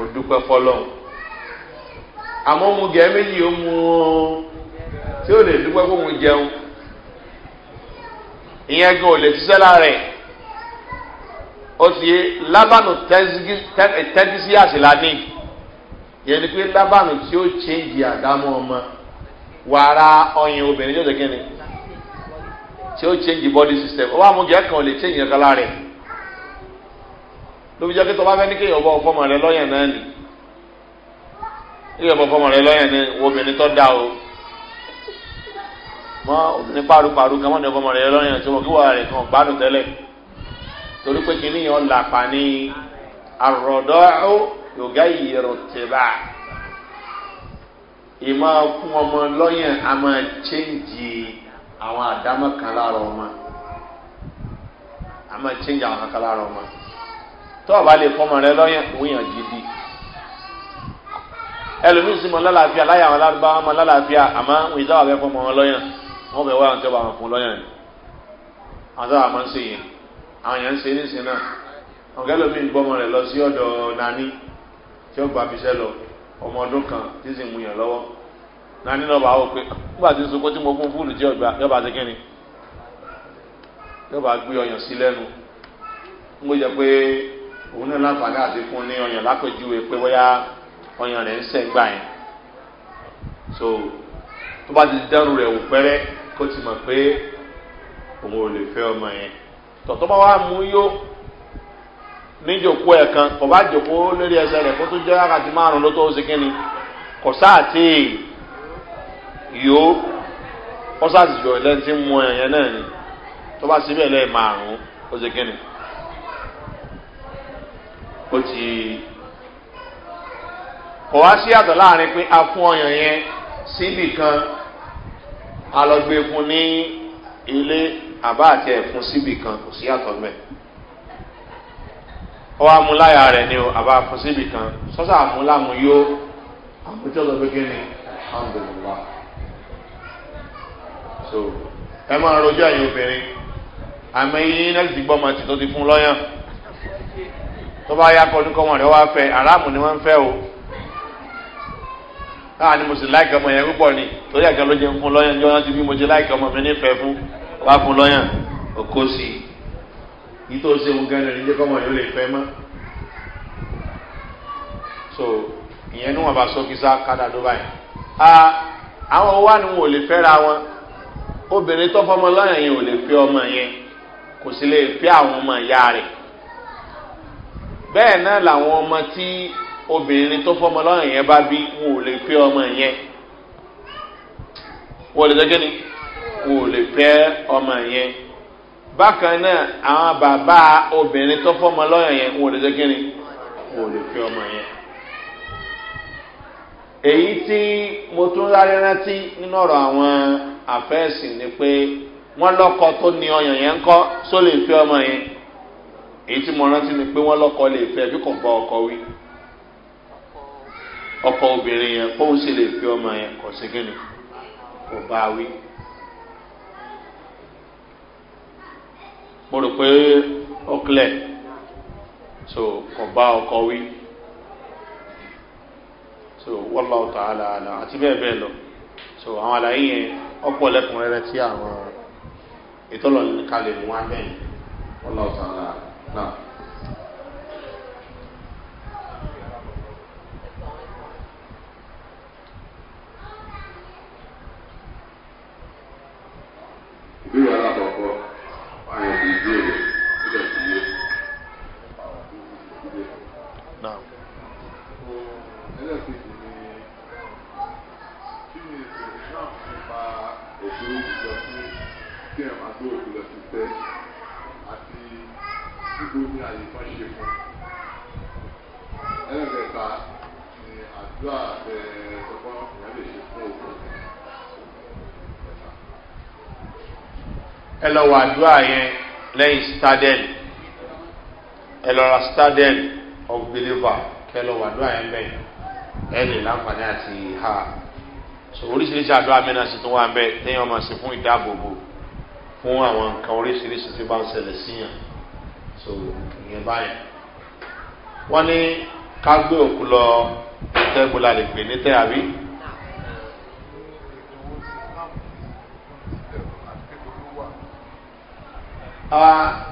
òdúpẹ́ fọlọ́hún àmọ́ mu gẹ̀ẹ́ méjì ó mu tí ó lè dúpẹ́ kó mu jẹun ìyẹn gan ò lè ṣiṣẹ́ lára ẹ̀ ó ti yé lábànú eh, tẹ́tísí àṣìláníì yẹn ni pé lábànú tí ó chéǹjì àdámọ́ ọmọ wàrà ọyàn obìnrin yóò dẹ́gẹ́ni tí ó chéǹjì bọ́dí sísẹ̀m ó wà mú gẹ̀ẹ́ kan ò lè chéǹjì ẹ̀ka lára lóbi jẹ́ pé tó fẹ́ ní kéèyàn bọ́ ọkọ́ rẹ lọ́yàn náà nìyí ilé ọmọ fọmọ rẹ lọ́yàn ni wo obìnrin tó da o mọ obìnrin paruparu kan mọ́ni ọmọ rẹ lọ́yàn tó wọ́n kí wọ́n rẹ̀ kàn gbádùn tẹ́lẹ̀ torí pé kínní yẹn làpá ní àròdọ́ yògá ìyẹ̀rọ̀ tẹ̀bà ìmọ̀ fún ọmọ lọ́yàn a máa chẹ́ǹjì àwọn àdámọ̀ kan lára ọmọ a máa chẹ́ǹjì àwọn kan lára ọmọ tó o bá lè fọmọ rẹ lọ́yàn òun yàn gidi ẹlòmíì sì mọ lálàáfíà láyà àwọn alárúbáwá mọ lálàáfíà àmọ́ wọn ìdáwà fẹ́ fọmọ wọn lọ́yàn wọn fẹ́ wá àwọn tẹ́wọ́ àwọn fún lọ́yàn ni àwọn tẹ́wọ́ àwọn máa ń ṣe yẹn àwọn yẹn ń ṣe nísìnyí náà ọ̀gá ẹlòmíì ń gbọ́mọ rẹ̀ lọ sí ọ̀dọ̀ nani tí ó gba fiṣẹ́ lọ ọmọ ọdún kan tí sì ń yàn lọ́wọ́ nani náà bá wọ pé nígbà tí sunkún tí mo fún fúlù tí ọgbà yọba ti kíni yọba gbé ọyàn sí lẹ́nu ń gbọ́dọ̀ pé òun náà láǹfààní àti fún ní ọyàn lápèjúwe pé wọ́yá ọyàn rẹ̀ ń sẹ̀ gbà yẹn so tó bá ti dẹ́rù rẹ̀ wò pẹ́rẹ́ kó ti mọ̀ pé òun ò lè fẹ́ ọmọ yẹn tọ̀tọ́ bá wà mú yó níjòkó ẹ̀ kan kò bá jòkó lórí ẹsẹ̀ rẹ̀ kó tó jẹ́ wákàtí márùn-ún ló tó ṣe kí ni kò sáà tí yó ó sáà ti jọ ìlẹ́ni mú ẹ̀yẹn náà ni tó bá síbẹ̀ lẹ́ẹ̀ márùn ó ṣe ó ti kò wá sí àtọ̀ láàrin pé a fún ọyàn yẹn síbì kan a lọ gbé e fún ní ilé àbá àti ẹ̀fún síbì kan kò sí àtọ̀ mẹ́ ọ wá mú láyà rẹ̀ ni o àbá fún síbì kan sọ́sà àmúlámú yó àmújọ́ gbégé ni alhamdulillah so ẹ máa rojọ́ ẹ̀yin obìnrin àmọ́ iye náà ti gbọ́ máa tó ti fún lọ́yàn tó bá yá kọ́ ọdún kọ́ wọn rẹ̀ wá fẹ́ aráàmù ni wọ́n ń fẹ́ o náà ah, ni mo sì láìka ọmọ yẹn púpọ̀ ni torí àgbà ló jẹ́ fún lọ́yàn jọ́ láti bí mo ṣe láìka ọmọ mi nífẹ̀ẹ́ fún wá fún lọ́yàn òkó sí i yìí ṣe òun gan-an ní jẹ́ kọ́mọ lè fẹ́ mọ́. so ìyẹn ní wọn bá sọ kìsà kádà tó báyìí. àwọn wa ni wọn ò lè fẹ́ra wọn obìnrin tó fọmọ lọ́yàn yẹn ò lè fẹ́ ọmọ yẹn kò sì lè fẹ́ àwọn ọmọ ìyá rẹ̀ bẹ́ẹ̀ náà làwọn ọmọ tí obìnrin tó fọmọ lọ́rùn yẹn bá bí wọn ò lè pé ọmọ yẹn wọn lè dẹ́gẹ́ ni wọn ò lè pẹ́ ọmọ yẹn bákan náà àwọn bàbá obìnrin tó fọmọ lọ́rùn yẹn wọn lè dẹ́gẹ́ ni wọn ò lè pẹ́ ọmọ yẹn. èyí tí mo tún rárá rántí nínú ọ̀rọ̀ àwọn àfẹ́sìn ni pé wọ́n lọ́kọ tó ní ọyàn yẹn ń kọ́ só lè fẹ́ ọmọ yẹn èyí tí mo rántí ni pé wọ́n lọ́kọ lè fẹ́ bí kò ọkọ wí ọkọ obìnrin yẹn kóun sì lè fi ọmọ yẹn kọ̀ sí kínní kò bá wí. mo rò pé ọkìlẹ̀ so kò bá ọkọ wí so wọ́lá ọ̀tà àlàálà àti bẹ́ẹ̀ bẹ́ẹ̀ lọ so àwọn àlàyé yẹn ọ̀pọ̀ lẹ́kùnrẹ́rẹ́ tí àwọn ìtọ́lọ̀ nìkan lè mú wá bẹ́ẹ̀ wọ́lá ọ̀tà àlàálà náà. ìwé alákọ̀ọ́kọ́ àwọn ìbéèrè síbẹ̀ sí yé. ẹlẹ́kejì ni kí ni ìṣòro náà nípa òkú ìjọ sí kí ẹ máa gbé òkú lọ sí tẹ́ àti gbígbó ní àyè kan ṣe fún. ẹlẹ́kẹta ni àdúrà ẹ̀ sọ́kọ́ ìyá lè ṣe fún òkú. ẹ lọ wà àdúrà yẹn lẹ́yìn stardel ẹ lọ ra stardel of believer kẹ lọ wà àdúrà yẹn bẹ́ẹ̀ ẹ lè láǹfààní àti ha so oríṣiríṣi àdúrà mẹ́ta sì tún wà ń bẹ́ téèyàn máa ṣe fún ìdáàbòbò fún àwọn nǹkan oríṣiríṣi tó bá ń ṣẹlẹ̀ síyàn so ìyẹn báyìí wọ́n ní ká gbé òkú lọ tẹ́gbọ́lá lè pè ní tẹ́ àbí. Ah,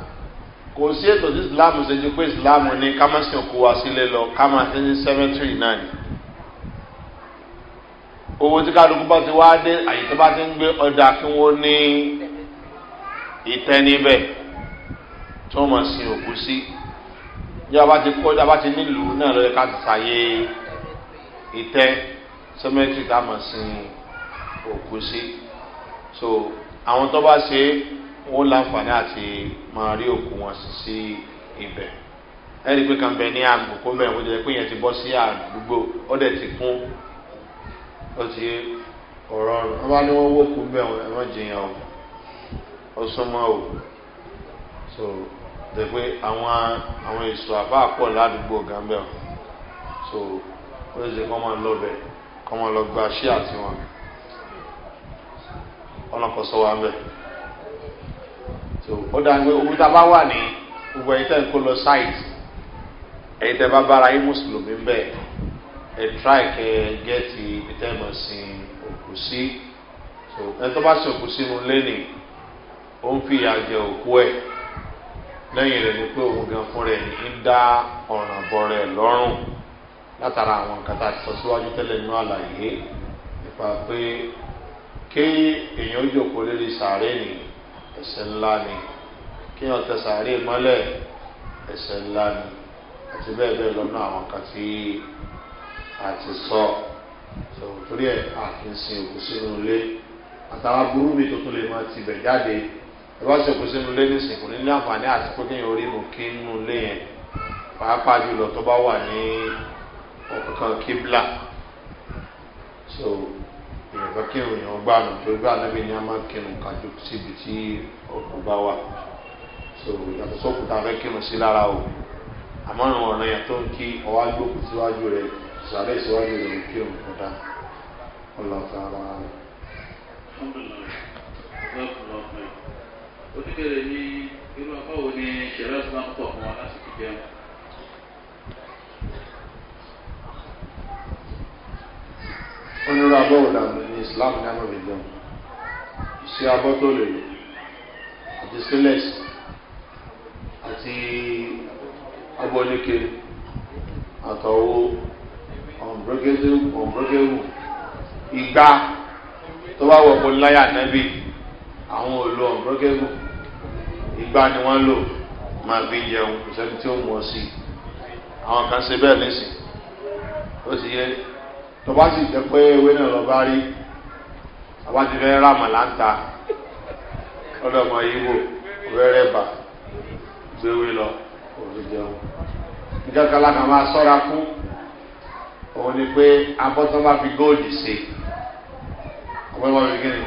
kò sí ètò tí ìsìláàmù ṣe ju pé ìsìláàmù ní ká má sì òkú wa sílé lọ ká má sí ní sẹ́mẹ́tìrì náà ni owó tí kálukú bá ti wá dé àyè tó bá ti ń gbé ọjà kí wọ́n ní ìtẹ́ níbẹ̀ tí mọ̀ sí òkú sí yá bá ti kọjá bá ti nílùú náà lọ́yẹ ká ti sàyè ìtẹ́ sẹ́mẹ́tìrì tá a mọ̀ sí òkú sí so àwọn tó bá ṣe é wọ́n láǹfààní àti máa rí òkú wọn sí sí ibẹ̀ ẹni pé kàn bẹ ní àgbòkó bẹ̀rẹ̀ wọ́n jẹ́ pé yẹn ti bọ́ sí àdúgbò ó ti kún ó ti ọ̀rọ̀ rẹ̀ wọ́n bá ní wọ́n wókú bẹ̀rẹ̀ ẹ̀wọ́n jìyàn o ó súnmọ́ o so dẹ̀ pé àwọn àwọn èso àbá pọ̀ ládùúgbò gan bẹ̀rẹ̀ so ó lè ṣe kọ́ máa lọ bẹ̀ kọ́ máa lọ gba ṣíà tiwọn ọlọ́kọ̀ sọ wa bẹ̀rẹ̀ so ó dáa pé owó tá a bá wà ní gbogbo ẹ̀yìn tẹ̀ ń kó lọ site ẹ̀yìn tẹ̀ bá bára yín mùsùlùmí bẹ́ẹ̀ ẹ̀ try kẹ́ ẹ gẹ́tì ìtẹ́mọ̀ sí òkú sí so ẹ̀ tó bá sí òkú sínú lẹ́nì ó ń fìyà jẹ òkú ẹ̀ lẹ́yìn rẹ̀ ni pé òun gan fún rẹ̀ ń dá ọ̀ràn bọ̀ rẹ̀ lọ́rùn látara àwọn nǹkan tá a ti sọ síwájú tẹ́lẹ̀ nínú àlàyé nípa pé kí èèyàn jòkó lórí sàárẹ̀ nìyí ẹsẹ̀ ńlá ni kí wọ́n tẹ̀sàárè mọ́lẹ̀ ẹsẹ̀ ńlá ni àti bẹ́ẹ̀ bẹ́ẹ̀ lọ́nà àwọn kan tí a ti sọ sọ̀rọ̀ torí ẹ̀ a kì í sin òkú sínú ilé àtàwọn burú mi tuntun lè máa tibẹ̀ jáde ẹ bá sọ̀kú sínú ilé nísìn kò ní ní àǹfààní àti pé kéèyàn orí mu kí nínú ilé yẹn pàápàá jùlọ tó bá wà ní ọ̀kankan kíbla èèyàn fẹ́ kí èèyàn gbà nù torí bá anábì ní a máa kírun kájú síbi tí òkú bá wà so yàtọ̀ sókù tá a fẹ́ kírun sí lára o àmọ́ àwọn ọ̀nà yẹn tó ń kí ọwá gbòkú síwájú rẹ̀ sàlẹ̀ síwájú rẹ̀ ń kírun kọ́dá ọlọ́ta ara rẹ̀. ó ti bẹ̀rẹ̀ ní irú afáwo ni ṣẹ̀rẹ́ ọ̀sán pọ̀ fún wa lásìkò jẹun. onírú abọ́ òlànà ní islam ní àmọ́bí jẹun sí abọ́ tó lè lò àti sílẹ̀s àti abọ́léke àtọ̀wọ́ ọ̀nbrẹ́gẹ́wù ìgbà tó bá wọ̀ pọ̀ láyà nẹ́bí àwọn òlò ọ̀nbrẹ́gẹ́wù ìgbà ni wọ́n lò máa fi jẹun kò sẹ́ni tí ó mú ọ sí àwọn kan ṣe bẹ́ẹ̀ nísìn ó ti yẹ tó bá sì jẹ́ pé ewé náà lọ bá rí àbá ti fẹ́ rà màláńtà ọ̀dọ̀ ọmọ yíwò ọ̀rẹ́rẹ́ bà gbéwé lọ òfin jẹun nígbà kan lákàn máa sọ́ra fún òun ni pé abọ́tán bá fi góòlì ṣe ọgbọ́n bá fi kíni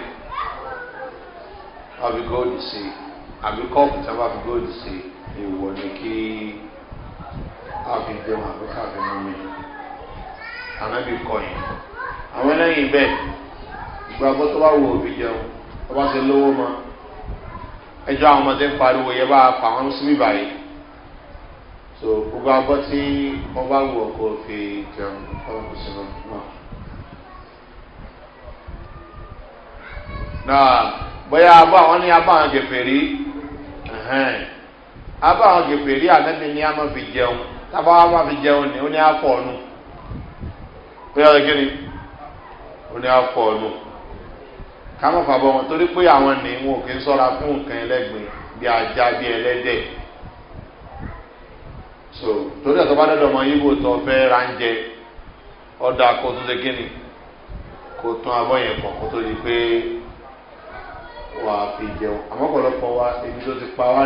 bá fi góòlì ṣe àbí kọ́ọ̀pù tí a bá fi góòlì ṣe èèwọ̀ ni kí a jẹun àbí ká mi. ànábì kọ yẹn àwọn ẹlẹ́yìn bẹ́ẹ̀ ìgbàgbọ́ tó bá wù òbí jẹun tó bá ti lówó mọ ẹjọ́ àwọn ọmọdé pariwo yẹ bá pa so gbogbo abọ́ tí wọ́n bá wù ọkọ̀ fi jẹun ọmọ kò sí náà. náà bóyá abọ́ àwọn ní abọ́ àwọn jẹ̀fẹ̀rí abọ́ àwọn jẹ̀fẹ̀rí ní a máa fi jẹun tábà pé ọ̀rẹ́ ni ó ní apọ̀ ọ̀nù kámọ̀ fàbọ̀ wọn torí pé àwọn wọn ò kí ń sọ́ra fún nǹkan so torí ọmọ tó fẹ́ ọ̀dà kó tó ṣe kó tún di pé wà á fi jẹun àmọ́ wa ibi tó ti pa wá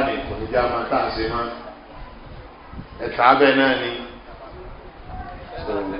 kò ní ń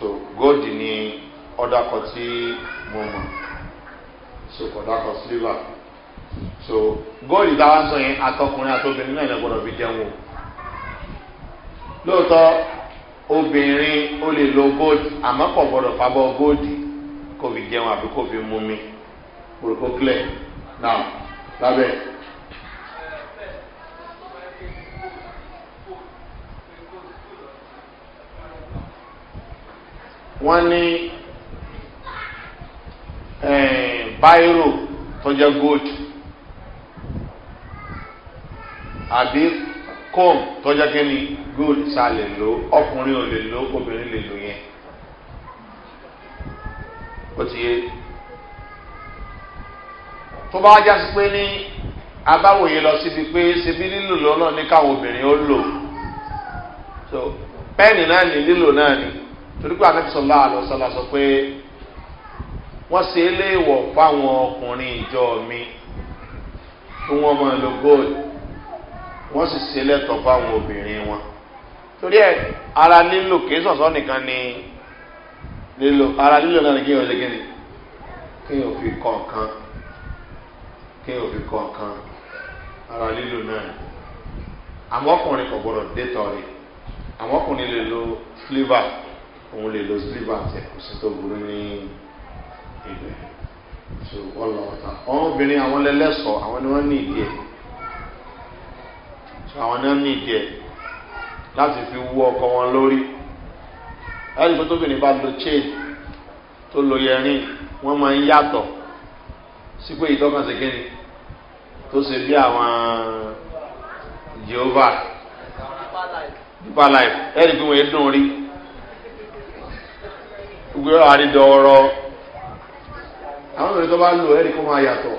so gold ni ọ̀dà kan tí mo mọ̀ so ọ̀dà kan silver so gold ìta wá sọ yẹn atọkùnrin atọbìnrin náà yẹn gbọdọ̀ fi jẹun o lóòótọ́ obìnrin ó lè lo gold àmọ́ kò gbọdọ̀ fabọ́ gold kò fi jẹun àbí kò fi mú mi kò kó clear now lábẹ́. wọ́n ní eh, báírò tọ́jẹ́ gold àbí com tọ́jẹ́ kí gold sa lè lo ọkùnrin ò lè lo obìnrin lè lo yẹn ó ti yé tó bá wájà sí pé ní abáwòye lọ síbi pé síbi lílò lọ́nà ní káwọn obìnrin ó lò so pẹ́ẹ̀nì náà ní lílò náà ní. torí pé anabi sọlá àlọsọlá sọ pé wọ́n ṣe é léèwọ̀ fáwọn ọkùnrin ìjọ mi kí wọ́n máa lo gold wọ́n sì ṣe lẹ́tọ̀ọ́ fáwọn obìnrin wọn torí ẹ ara lílo kìí sọ̀sọ́ nìkan ni lílo ara lílo náà ni kí èèyàn ṣe kíni kí èèyàn fi kọ̀ nǹkan kí èèyàn fi kọ̀ nǹkan ara lílo náà àmọ́ ọkùnrin kò gbọ́dọ̀ dé tọ́ rẹ̀ àmọ́ ọkùnrin lè lo flavour òun lè lo sliver tẹ kò sí tó burú ní ibẹ̀ so wọ́n lọ ọ̀tá àwọn obìnrin àwọn lẹ́lẹ́sọ̀ àwọn ni wọ́n ní ìdí ẹ̀ so àwọn náà ní ìdí ẹ̀ láti fi wú ọkọ wọn lórí ẹ̀rí tó tóbìnrin bá lo chain tó lo yẹrin wọ́n máa ń yàtọ̀ sí pé ìtọ́kànsí kíni tó ṣe bí àwọn jehovah deeper life ẹ̀rí pé wọ́n yé dùn rí gbogbo àrídọ̀ ọ̀rọ̀ àwọn obìnrin tó bá lò ẹ́rì kó máa yàtọ̀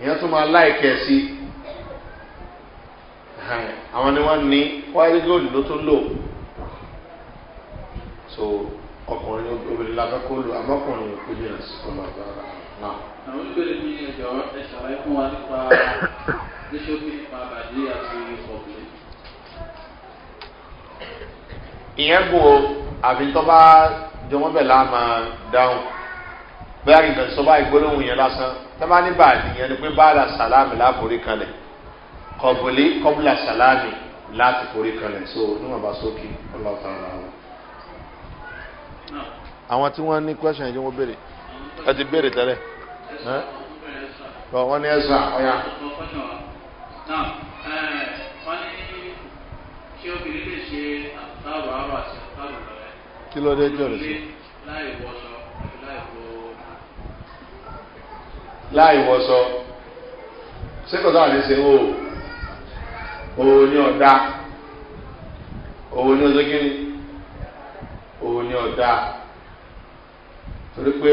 ìyẹn tó máa láìkẹ́ sí àwọn ni wọ́n ní wáyé góòlù ló tó lò so ọkùnrin obìnrin lábẹ́ kó lò àmọ́kùnrin kò jìnà sí ọmọ àgbà náà. àwọn olùgbèrè mi ẹ̀jọ̀ ẹ̀ ṣàlàyé fún wa nípa bíṣọ́pù nípa àbàdí àti ọ̀gbìn. ìyẹn gbòó àfi tọ́ba jọmọ́ bẹ̀ láà máa dáhùn bóyá kìí kan sọ́ba ìgbólóhùn yẹn lásán tọ́ba ní báàdì yẹn ni pé báàdà sàlámì láforí kanlẹ̀ kọ̀bùlé kọ́bùlà sàlámì láti forí kanlẹ̀ so níwọ̀n bá sókè ọlọ́ọ̀tàn ara wọn. àwọn tí wọ́n ní question ẹ̀jẹ̀ wọ́n béèrè ẹ ti béèrè tẹ́lẹ̀ wọ́n ní ẹ̀sán ọ̀yà. wọ́n ní kí obìnrin lè ṣe àtàwọn àwọn àti àtàwọn lọ kí ló dé jòrè sí. láì wọṣọ ṣé kò sáà lè ṣe o òun ni ọ̀dà òun ni ọjọ́ kí ni òun ni ọ̀dà torí pé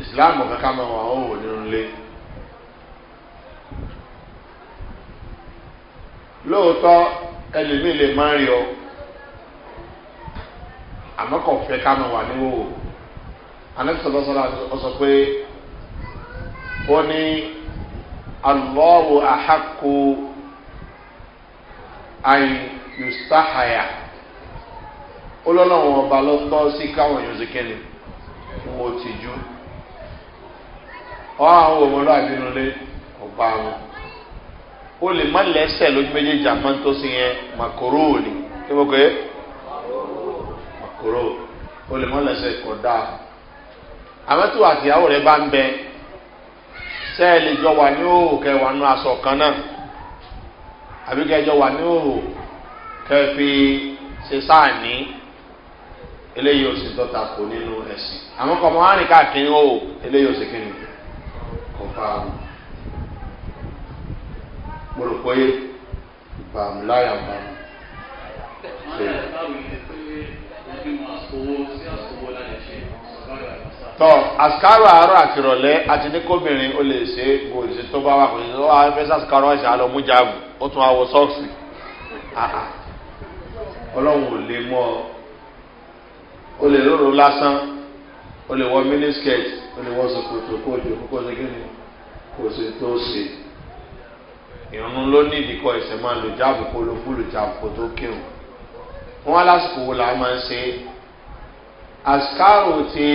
ìsìláàmù kankan máa wà òun ò ilé. lóòótọ́ ẹlòmíì lè má rí ọ. àmọ́ kò fẹ́ ká máa wà níwò anẹ́sọ̀lọ́sọ̀lá ọsọ pé ó ní alọ́wọ́ àhákò àyìn ọba lọ tọ́ sí káwọn yóò ṣe kẹ́ni wọn ò àwọn ọba wọn o lè má lẹ́sẹ̀ lójú méjèèjì sí yẹn màkòrò òní kí kúrò o lè mọ́ lẹ́sẹ̀ kọ́ dà àmọ́ bá ń bẹ sẹ́ẹ̀lì jọ wà ní òhò kẹwàá aṣọ kan náà àbí kẹjọ wà ní òhò kẹfì ṣe eléyìí ò sì dọ́ta nínú o eléyìí ò sì kíni kò mo rò tọ àsìkárò àárọ̀ àtìrọ̀lẹ́ àti ní kóbìnrin ó o ṣe kò sí tó bá wà kò sí tó wà fẹ́ sàkárò ẹ̀ṣẹ̀ alọ́mújàgù ó tún àwọ̀ sọ́ọ̀sì ọlọ́run ò lè mọ́ ọ o lè lóró lásán o lè wọ mínísítẹ̀t o lè wọ sòkòtò kó lè kókó ṣe kí ni kò sí tó ṣe ìrún ló ní ìdíkọ̀ ẹ̀sẹ̀ máa lò jáàbù kó ló fúlù jáàbù kó tó kírun wọn lásìkò wo làwọn máa ń ṣe àsìkárò ti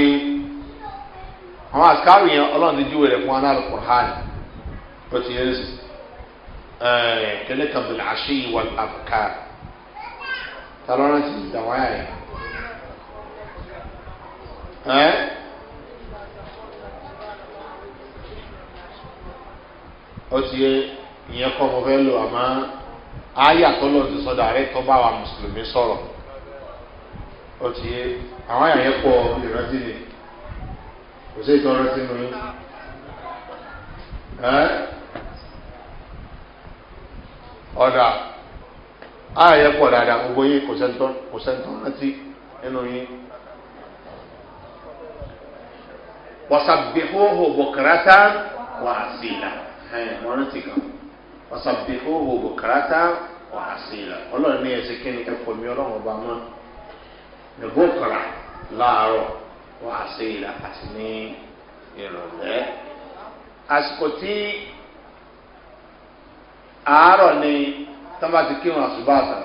àwọn àsìkárò yẹn ọlọ́run ti júwèé rẹ̀ fún wọn náà lọ́kùnrin hàn ti yẹn sì kẹlẹ́ kan bìlà àṣẹ ìwà àbùkà ta ló rántí ìdàwọ̀ ayà yẹn. ó ti yẹ ìyẹn kọ́ mo fẹ́ lò àmọ́. àyà tọ́lọ́ ti sọ́dọ̀ ààrẹ tó bá wa mùsùlùmí sọ̀rọ̀ ó ti yé àwọn àyà pọ̀ ìrántí ni kò sí ìtọ́ rántí nu yín ọ̀dà àyà pọ̀ dáadáa gbogbo yín kò sẹ́ńtọ́ rántí nínú yín. ẹ̀ kan. ọ̀sàbí òhò bùkàràtà wàásìlà ọlọ́run ní ẹsẹ̀ kí ni ẹ̀fọ́ mi ọlọ́run ọba mọ́ nìbókàrà láàárọ̀ wàásìlà àti ní ìrọ̀lẹ́ àsìkò tí àárọ̀ ni tọ́ba ti kírun àṣùbàtà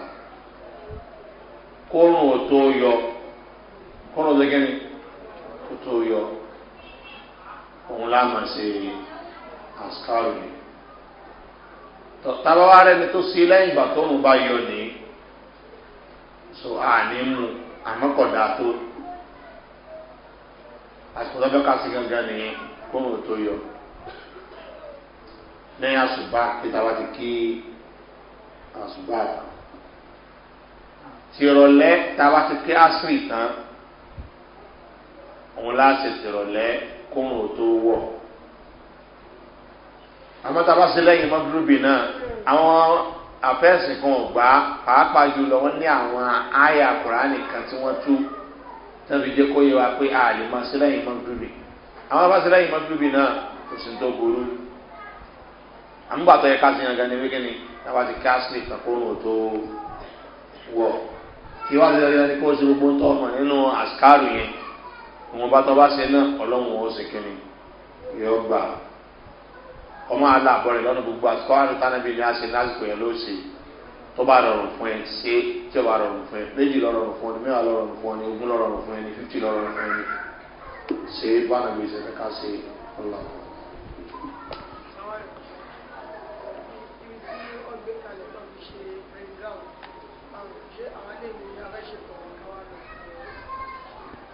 kórun ò tó yọ kórun tó kẹ́ni ó tó yọ òun láàmà ṣe àṣùkárò yìí tọ́tàbá wa rẹ̀ ni tó sí lẹ́yìn ìgbà tó ń bá yọ ní so àní mu àmọ́kọ̀dá tó àsìkò lọ́jọ́ ká sí gangan nìyẹn kó ń tó yọ lẹ́yìn àṣùbá pété àwa ti kí àṣùbá rẹ̀ tìrọ̀lẹ́ táwa ti kí àṣírí tán òun láti tìrọ̀lẹ́ kó ń tó wọ̀ àmọ́ tá a bá ṣe lẹ́yìn mọ́gírúbì náà àwọn àfẹ́sìn kan ò gbà pàápàá jùlọ wọ́n ní àwọn àyà kùránì kan tí wọ́n tú tàbí jẹ́ kó yẹ wa pé a lè máa ṣe lẹ́yìn mọ́gírúbì àwọn bá ṣe lẹ́yìn mọ́gírúbì náà kò sì tó burú àmúgbàtọ̀ yẹ ká sí yàn gan ni wíkẹ́ ni táwa ti ká sílẹ̀ kankan ò tó wọ̀ kí wá sí ọyọ́ ni kó o ṣe gbogbo tó ọmọ nínú àṣkárù yẹn òun bá tọ́ bá ṣe náà ọlọ́run ó ṣe kíni yóò gbà á ọmọ aláàbọ̀ rẹ̀ lọ́nà gbogbo àsìkò àwọn ìtànàbí ni a ṣe lásìkò yẹn ló ṣe tó bá rọrùn fún ẹ ṣe tí ó bá rọrùn fún ẹ méjì lọ rọrùn fún ẹ ní mẹ́wàá lọ rọrùn fún ẹ ní ogún lọ fún ẹ ní fífì lọ fún ẹ ní ṣe bánà gbèsè ká ṣe ọlọ.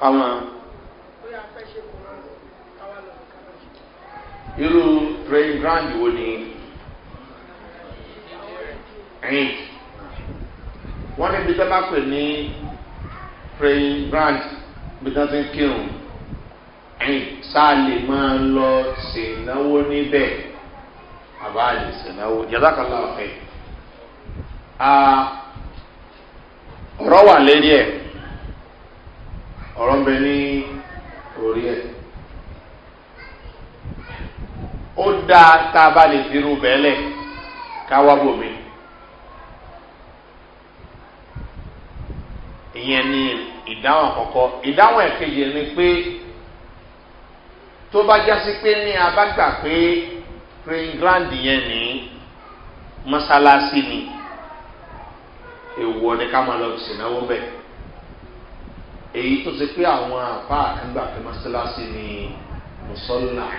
àwọn irú praying ground wo ni eid wọ́n níbi tẹ́ bá pè ní praying ground bí tán ti ń kírun eid sáà lè máa lọ ṣèǹnáwó níbẹ̀ àbá lè ṣèǹnáwó jàdákàlá ọ̀fẹ́ ọ̀rọ̀ wà lérí ẹ̀ ọ̀rọ̀ ń bẹ ní orí ẹ̀ ó dáa tá a bá lè dirú bẹ́ẹ̀lẹ̀ ká wá bòmí. ìyẹn ni ìdáhùn àkọ́kọ́ ìdáhùn ẹ̀kejì ni pé tó bá jásí pé ní abágbà pé praying yẹn ní mọ́sálásí ni èèwọ̀ ni ká máa lọ sìnáwó bẹ́ẹ̀ èyí tó ṣe pé àwọn àbá àkàngbà pé mọ́sálásí ni mùsọ́lù náà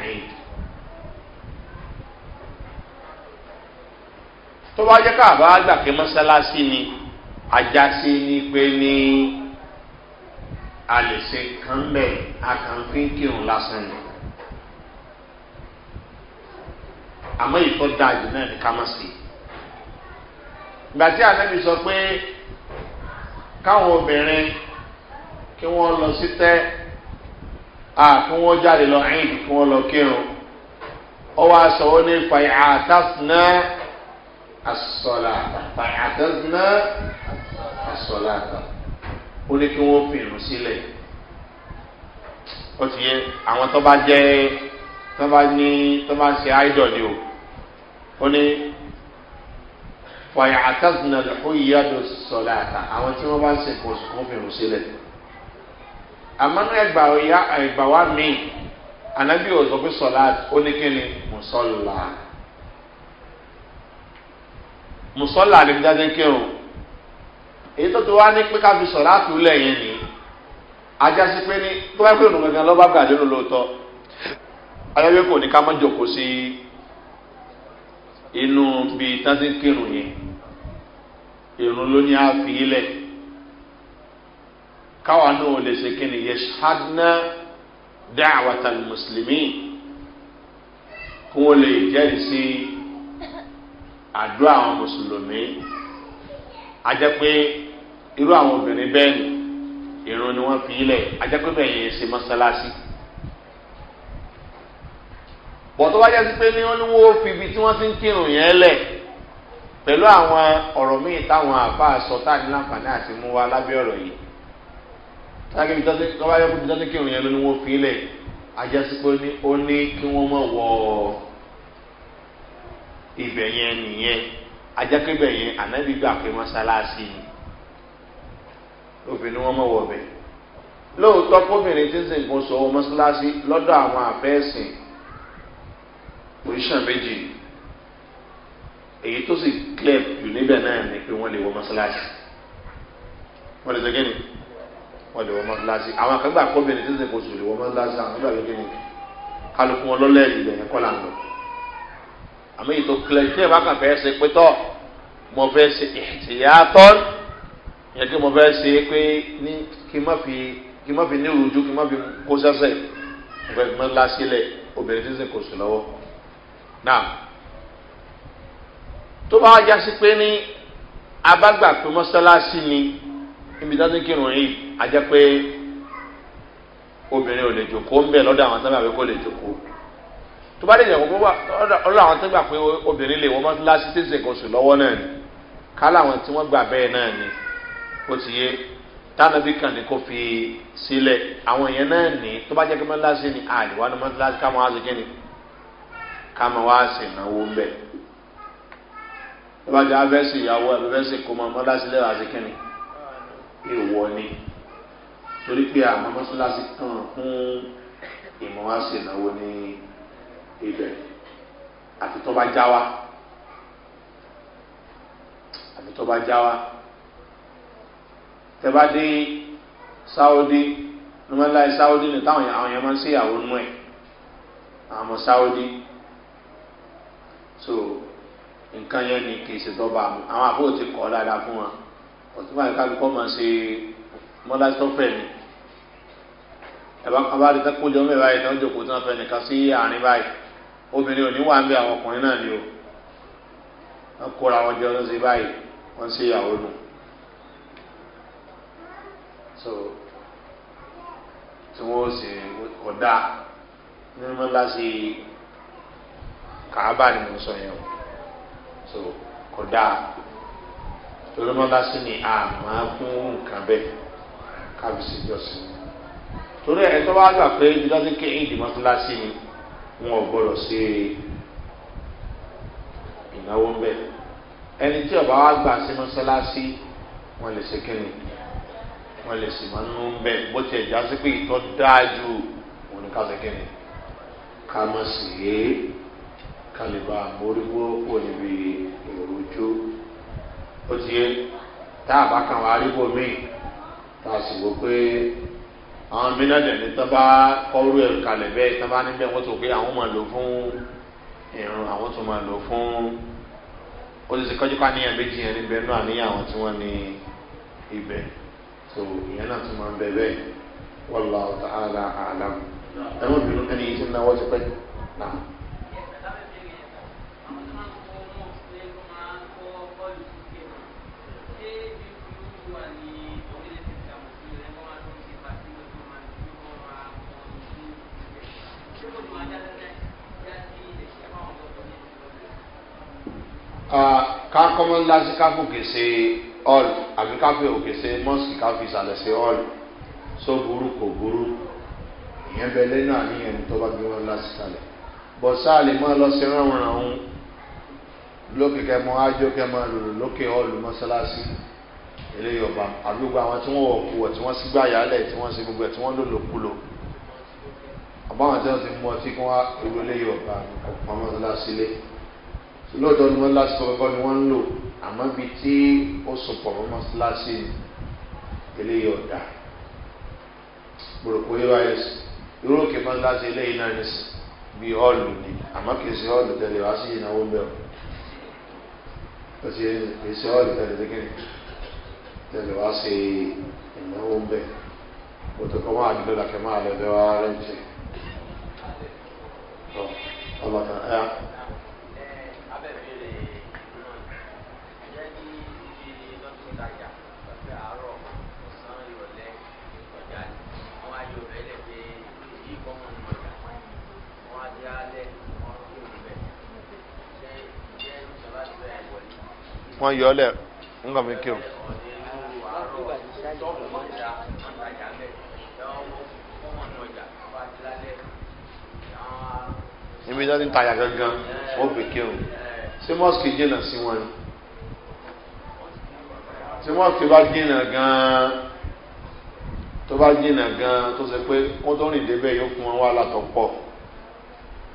tó bá jẹ́ káàbá àgbà pé mọ́sálásí ni ajásí ni pé ní a lè ṣe kán bẹ́ẹ̀ akànfin kírun lásán ni. àmọ́ ìtọ́ dáa jù náà ní ká má sí. ìgbà tí ànábì sọ pé káwọn obìnrin kí wọ́n lọ sí tẹ́ à kí wọ́n jáde lọ ẹ̀yìn kí wọ́n lọ kírun ọwọ́ aṣọ wọn ní ìfàyà àtàfùnà asọ̀làtà fàyàtàzínà asọ̀làtà ó ní kí wọ́n fi ìrù sílẹ̀ ó ti yẹ àwọn tó bá jẹ́ tó bá ní tó bá ṣe idol ni o ó ní fàyàtàzínà lóyàdó sọ̀làtà àwọn tí wọ́n bá ń sìnkú wọ́n fi ìrù sílẹ̀ àmọ́ ní ẹgbàá wa mi ànábì ò sọ sọ̀làtà ó ní kí ni mùsọ̀làtà mùsọ́là ni jáde ń kírun èyí tó ti wá ní pé ká fi sọ̀rọ̀ àtúlẹ̀ yẹn ni ajásí pé ní tó bá pè nù gangan lọ́ba gàdé ló lóòótọ́ ayọ́wé kò ní ká mọ́ jòkó sí inú bíi tán ti yẹn irun ló ní àfi káwa náà ò lè ṣe kí ni yeshadna da'wata muslimin kí wọ́n lè jẹ́rìí sí àdúrà àwọn mùsùlùmí a jẹ́ pé irú àwọn obìnrin bẹ́ẹ̀ ni èrò ni wọ́n fi ilẹ̀ a jẹ́ pé bẹ́ẹ̀ yẹn ṣe mọ́sálásí bọ̀tọ́ wájá sí pé ní wọ́n ní wọ́n fi ibi tí wọ́n ti ń kírun yẹn lẹ̀ pẹ̀lú àwọn ọ̀rọ̀ míì táwọn àfáà sọ tá láǹfààní àti mú wa lábẹ́ ọ̀rọ̀ yìí táwọn ibi tó bá yẹ kó ibi tó ti kírun yẹn ló ní wọ́n fi ilẹ̀ ajá sí pé ó ní kí wọ́n mọ̀ wọ́ọ́ ibẹ̀ yẹn nìyẹn ajakebẹ̀ yẹn anabi gbà pé mọ́sálásí ni obìnrin wọn mọ̀ wọ̀ bẹ̀ lóòótọ́ kóbìnrin tí ń sìn kún sọ́wọ́ mọ́sálásí lọ́dọ̀ àwọn àfẹ́sìn oríṣàn méjì èyí tó sì clear jù níbẹ̀ náà ni pé wọ́n lè wọ mọ́sálásí wọ́n lè sẹ́gẹ́ni wọ́n lè wọ mọ́sálásí àwọn akẹ́gbà kóbìnrin tí ń sìn kún sọ́wọ́ lè wọ mọ́sálásí àwọn akẹ́gbà kóbìnrin kálukú wọn lọ́lẹ́ẹ̀lì lẹ́yìn kọ́là ń àmì ètò kílẹ̀ tí ẹ̀ bá kàn fẹ́ ṣe pé tọ́ mo fẹ́ ṣe ìyàtọ̀ yẹn kí mo fẹ́ ṣe pé ní kí má fi kí má fi ní ìrújú kí má fi kó sẹ́sẹ̀ mo fẹ́ fi má lásìlẹ̀ obìnrin tí ń sìn kò sí lọ́wọ́ náà tó bá wá jásí pé ní abágbà pé mọ́sálásí ni níbi dájú kírun yìí a jẹ́ pé obìnrin ò lè jòkó ń bẹ̀ lọ́dọ̀ àwọn sábà pé kò lè jòkó tó bá dé ìyàwó bó wà ọlọ́ àwọn tó gbà pé obìnrin lè wọ́n mọ́ láti tẹ̀sẹ̀ kan sùn lọ́wọ́ náà ni kálá àwọn tí wọ́n gbà bẹ́ẹ̀ náà ni ó ti yé tánàbí kan ní kó fi sílẹ̀ àwọn èèyàn náà ní tó bá jẹ́ pé mọ́tíláṣí ni àlèwà ni mọ́tíláṣí ká máa wá sí kíni ká máa wá sí ìnáwó ń bẹ̀. tó bá jẹ́ abẹ́sì ìyàwó abẹ́sì kó máa mọ́tíláṣí lẹ́wà sí kíni ìwọ ni torí pé àwọn mọ́tíláṣí ibẹ̀ àfi tọ́ bá já wa àfi tọ́ bá já wa tẹ́ bá dé sáwọ́dí numalai sáwọ́dí ni táwọn àwọn yẹn máa ń ṣèyàwó nú ẹ̀ àwọn ọmọ sáwọ́dí so nǹkan yẹn ni kì í ṣe tọ́ bá mu àwọn àbúrò ti kọ́ dáadáa fún wa òtún báyìí kálukọ́ máa ṣe mọ́lá tó fẹ́ mi ẹ̀bá kan bá rí tẹ́kùn jọ mẹ́rin báyìí tó ń jòkó tí wọ́n fẹ́ nìkan sí àárín báyìí obìnrin ò ní wà ń bẹ àwọn ọkùnrin náà ni o wọ́n kóra wọn jọ lọ́sẹ̀ báyìí wọ́n ṣe ìyàwó nù so tí wọ́n sì kọ̀dá nínú mọ́lá sí kàábà ni mo sọ yẹn o so kọ̀dá torí mọ́lá sí ni àmọ́ fún nǹkan bẹ́ẹ̀ kábíyèsí jọ sí torí ẹ̀ tó bá gbà pé ìdílọ́sí kéèyàn ìdí mọ́tò lásì ni wọn ò gbọdọ̀ ṣe ìnáwó ń bẹ̀. ẹni tí ọba wa gbà sí mọ́sálásí wọn lè ṣe kíni wọn lè sì máa ń nú ń bẹ̀ bó tiẹ̀ já sí pé ìtọ́ dáa ju òun ní ká ṣe kíni ká mọ̀ sí i ká lè bá mórígbó òníbi èròjú ó ti yẹ tá a bá kàn wá rí bòmíì tá a sì wò pé àwọn mìíràn dẹ̀ ní tọ́ba kọ́rú ẹ̀rù kalẹ̀ bẹ́ẹ̀ tọ́ba níbẹ̀ wọ́n tó pé àwọn máa lò fún ìrùn àwọn tó máa lò fún ó ti ṣe kọ́jú ká níyàn méjì yẹn níbẹ̀ náà níyàn tí wọ́n ní ibẹ̀ tó ìyẹn náà tó máa ń bẹ bẹ́ẹ̀ wọ́n lọ ọ̀tá àlà àlà ẹ̀wọ̀n bínú ẹni tí ń náwó ti pẹ́ náà. Ah, ká kọ́mọ́ ńlá sí ká fòkè ṣe ọ́ọ̀lù àbí ká fi òkè ṣe mọ́sìkì ká fi ìsàlẹ̀ ṣe ọ́ọ̀lù só guru kò guru ìyẹn bẹ lẹ́nu àníyàn ní tó bá gbé wọn ńlá sí kalẹ̀ bọ̀ sáà lè máa lọ sí ránwọ̀n àwọn lókè kẹmọ ájó kẹmọ lòlò lókè ọ́ọ̀lù mọ́sálásí eléyìí ọba àbí gbogbo àwọn tí wọ́n wọ̀ kú wọ̀ tí wọ́n sì gbà yálẹ̀ tí wọ́n sì gbogbo ẹ̀ tí wọ́n lòlò kulò àbáwọn tí wọ́n ti mú ọtí kí wọ́n ewé eléyìí ọba ọ̀pọ̀ mọ́sálásí lé lóòótọ́ ni wọ́n lásìkò kọ́kọ́ ni wọ́n ń lò àmọ́ ibi tí ó sopọ̀ mọ́ mọ́síláṣí eléyìí ọ̀dà gbòròkó yóò wáyé sí irú òkè mọ́síláṣí eléyìí náà ní sí bí ọ́ọ̀lù ni àmọ́ kì í ṣe ọ́ọ̀lù tẹ̀lé wá sí ìnáwó bẹ́ẹ̀ o kì í ṣe ọ́ọ̀lù tẹ̀lé tẹ́kẹ́ni tẹ̀lé wá sí ìnáwó bẹ́ẹ̀ o tó kọ́ máa gbé lọ́kẹ́ máa lọ bẹ́ẹ̀ wá rẹ̀ jẹ́ ọlọ́ta ẹ̀ wọ́n yọ ọ́lẹ̀ ńgbà mi kírun. níbi tí wọ́n ti gangan wọ́n fi kírun ṣé mọ́sìkì jìnnà sí wọn ni tí ba fi gan-an tó bá gan-an tó ṣe pé tó rìn débẹ̀ yóò fún wọn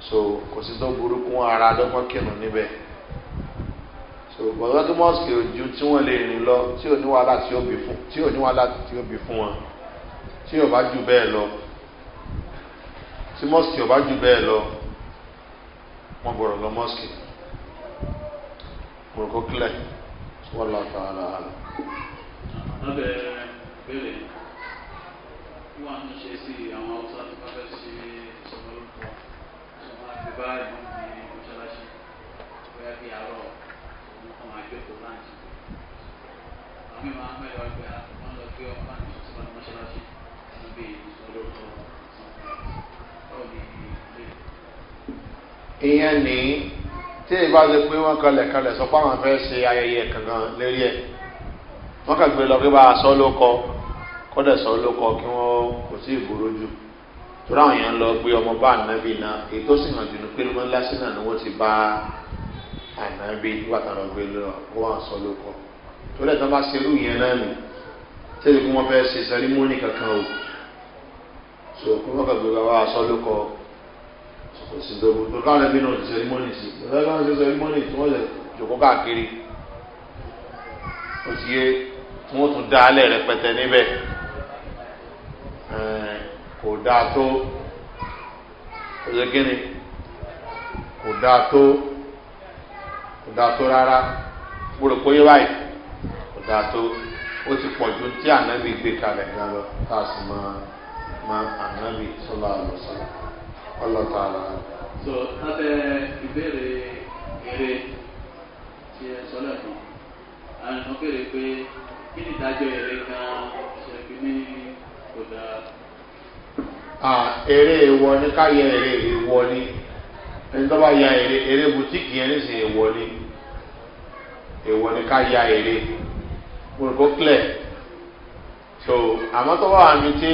so kò sí tó ara so gbọ̀ngàn tó mọ́ọ̀sì ojú tí wọ́n lè rìn lọ tí ò ní wàhálà tí ó bí fún tí ò ní wàhálà tí ó bí fún wọn tí ò bá jù bẹ́ẹ̀ lọ tí mọ́ọ̀sì ò bá jù bẹ́ẹ̀ lọ wọ́n gbọ́dọ̀ lọ mọ́ọ̀sì kòròkó kílẹ̀ wọ́n lọ tàn á ṣe sí àwọn haúsá tó bá fẹ́ àárọ̀ wọn máa gbé kó báńkì àwọn ìwà mẹ́rin wá gbé wọn lọ gbé ọkọ àti ọtí wọn mọ́ṣáláṣí wọn bí olóòótọ́ ọ̀rọ̀ ní ilé. ìyẹn ní tí ìbá ṣe pé wọ́n kalẹ̀ kalẹ̀ sọ pé àwọn fẹ́ ṣe ayẹyẹ kankan lérí ẹ̀ wọ́n kàn gbé lọ pé bá a sọ ló kọ kọ́dẹ̀ sọ ló kọ kí wọ́n kò sí ìgboro jù torí àwọn èèyàn lọ gbé ọmọ bá ànábì náà èyí tó sì hàn jù ní pé ló ń lásìnà ni wọ́n ti bá a ànábì wàtàrà gbé lọ ó wà sọ ló kọ tó lẹ́tọ́ bá ṣe irú yẹn náà nù tẹ́lẹ̀ kí wọ́n fẹ́ ṣe sẹ́rímọ́nì kankan o so kí wọ́n kàn gbé bàbá wa sọ ló kọ kò sì dọ̀bù tó káwọn ẹbí náà ti sẹ́rímọ́nì sí ìgbàlẹ́ káwọn ṣe sẹ́rímọ́nì tí wọ́n lè jòkó káàkiri ó ti yé tí wọ́n tún dá alẹ́ rẹpẹtẹ níbẹ̀ kò dáa tó ó ṣe kò dáa tó dà tó rárá mo rò pé yé báyìí kò dà tó ó ti pọ̀ ju tí ànábì gbé kalẹ̀ gan lọ tá a sì máa máa ànábì sọ́lá àlọ́sọ́lá ọlọ́ta àlọ́. so lábẹ́ ìbéèrè eré tí ẹ sọ lẹ́kọ̀ọ́ àwọn ènìyàn béèrè pé kí ni ìdájọ́ eré gan ṣe fi ní kò dáa. eré ìwọ ni ká yẹ eré ìwọ ni ẹni tó bá ya èrè èrè bùtíkì yẹn nísìn èèwọ̀ ni èèwọ̀ ni ká ya èrè mo clear so àmọ́ tó tí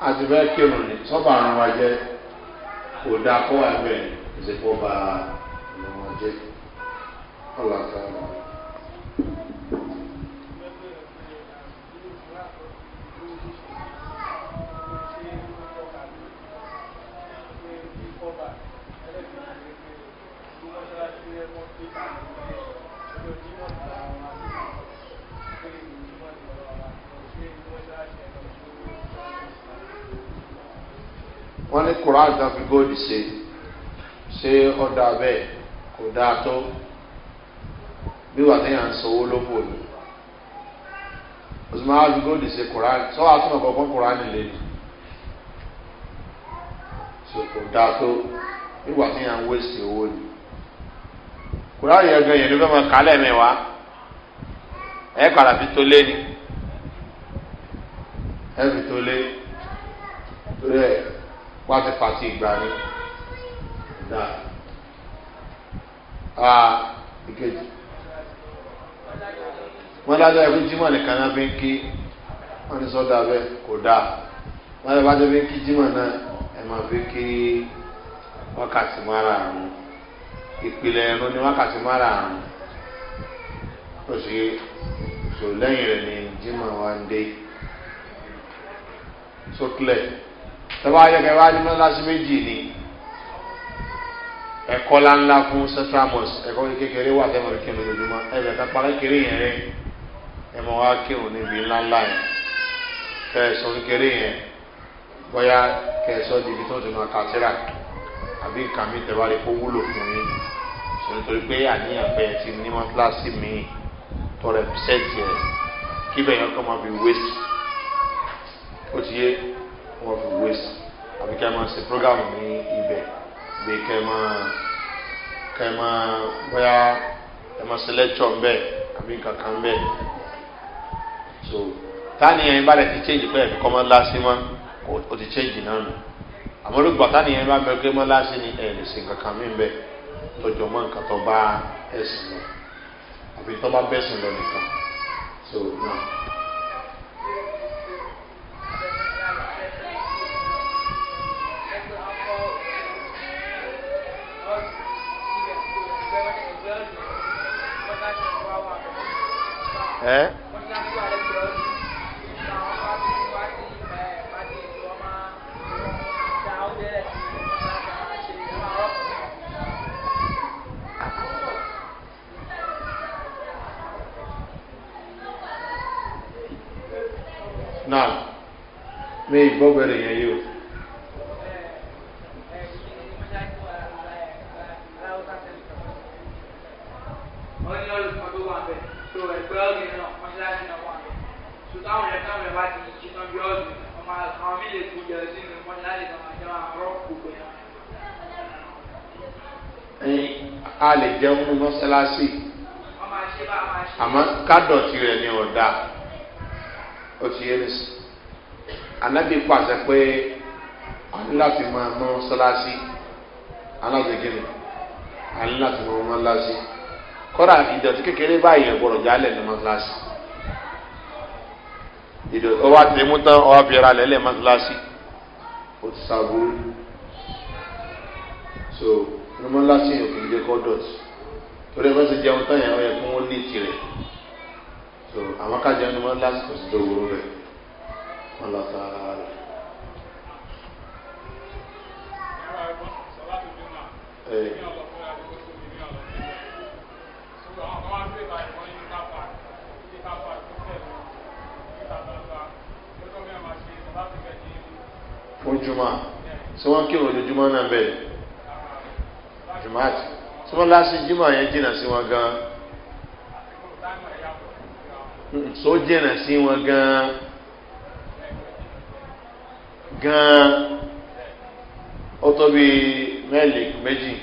a ti fẹ́ kírun ni sọ́ba àrùn wa jẹ́ kò dáa kó wà bẹ́ẹ̀ ìsìnkú ọba àrùn wa jẹ́ ọ̀làkàrà. wọ́n ní kùránì tó fi góòdì ṣe ṣé ọ̀dà bẹ́ẹ̀ kò dáa tó bí wà téèyàn ń sanwó lóko ni òsùnmọ́ á fi góòdì ṣe sọ wà tún ọ̀kọ̀ọ̀kan kùránì lé ni ṣe kò dáa tó bí wà téèyàn ni yẹn gan yẹn ló fẹ́ ẹ̀ kàrà fi tó lé ni ẹ̀ fi pátipáti ìgbà ni dá a ìkejì wọn dájọ ẹkú jimá nìkan náà fi ń kí wọn ní sọdọ abẹ kò dáa wọn lè bá jẹ fi ń kí jimá náà ẹ máa fi kí wákàtí mara àrùn ìpìlẹ̀ ẹ̀rọ ní wákàtí mara àrùn ó sì sọ lẹ́yìn rẹ̀ ní jimá wa ń dé sókè lẹ́yìn tọ́ba ayọ̀kẹ́ wa ní mọ́lásí méjì ni la ńláńlá fún central mosque ẹ̀kọ́ kékeré wà tẹ́mọ̀ kí n lójoojúmọ́ ẹ̀jẹ̀ ká parẹ́ kéré yẹn rẹ̀ ẹ̀ mọ̀ wá kírun níbi ńláńlá yẹn kẹsàn kéré yẹn bóyá kẹsàn dìbí tó ń tún akásíra àbí nǹkan mi tẹ̀ bá rí kó wúlò fún yín sọ̀rọ̀ torí pé àníyàn pé ti ní mọ́tíláṣí mi tọrẹ pẹ́sẹ́ǹtì ẹ̀ kíbẹ̀ yẹn kọ́ máa fi wéṣì ó ti yé. wọn fi wé sí àbí kẹ́ máa program prógámù ní ibẹ̀ bí kẹ́ máa kẹ́ máa be ẹ máa so taa yẹn bá lẹ ti change pé ẹ̀mí kọ́ máa lásì o ti change náà nù àmọ́ gba gbà táni yẹn bá bẹ́ẹ̀ pé máa lásì ni ẹ̀ lè ṣe mi mí bẹ́ẹ̀ tọjọ́ mọ́ nǹkan tó bá ẹ̀sìn lọ àbí tó bá bẹ́sìn lọ nìkan so náà. ẹ́ náà mi ìgbọ́gbẹ̀rẹ̀ yẹn yóò jẹun ní mọ́sálásì àmọ́ kádọ̀tì rẹ̀ ni ọ̀dà ó ti yé nìsí anábì pàṣẹ pé àní láti máa mọ́ mọ́sálásì aláàbẹ̀gẹ́lẹ̀ àní láti mọ́ mọ́sálásì kọ́ra ìdọ̀tí kékeré báyìí ẹ̀gbọ́rọ̀ jálẹ̀ ní mọ́sálásì ìdọ̀tí ọwọ́ àtẹ̀mú tán ọwọ́ àfihàn lẹ́lẹ̀ mọ́sálásì ó ti sàbúrú so mọ́sálásì yẹn kò ní jẹ́ kọ́ dọ̀tí torí ẹ bá ṣe jẹun tán yẹn ọyẹ kí wọn ní tirẹ̀ so àwọn kájọ ẹni wọn lásìkò sí dòwòrò rẹ wọn lọ sọ ara rẹ. fún juma sọ wọn kí wọn lójúmọ náà bẹ́ẹ̀ juma ti tí wọ́n lásì jímọ̀ yẹn jìnà sí wọn gan so jìnà sí wọn gan gan ó tó bí mẹ́lì méjì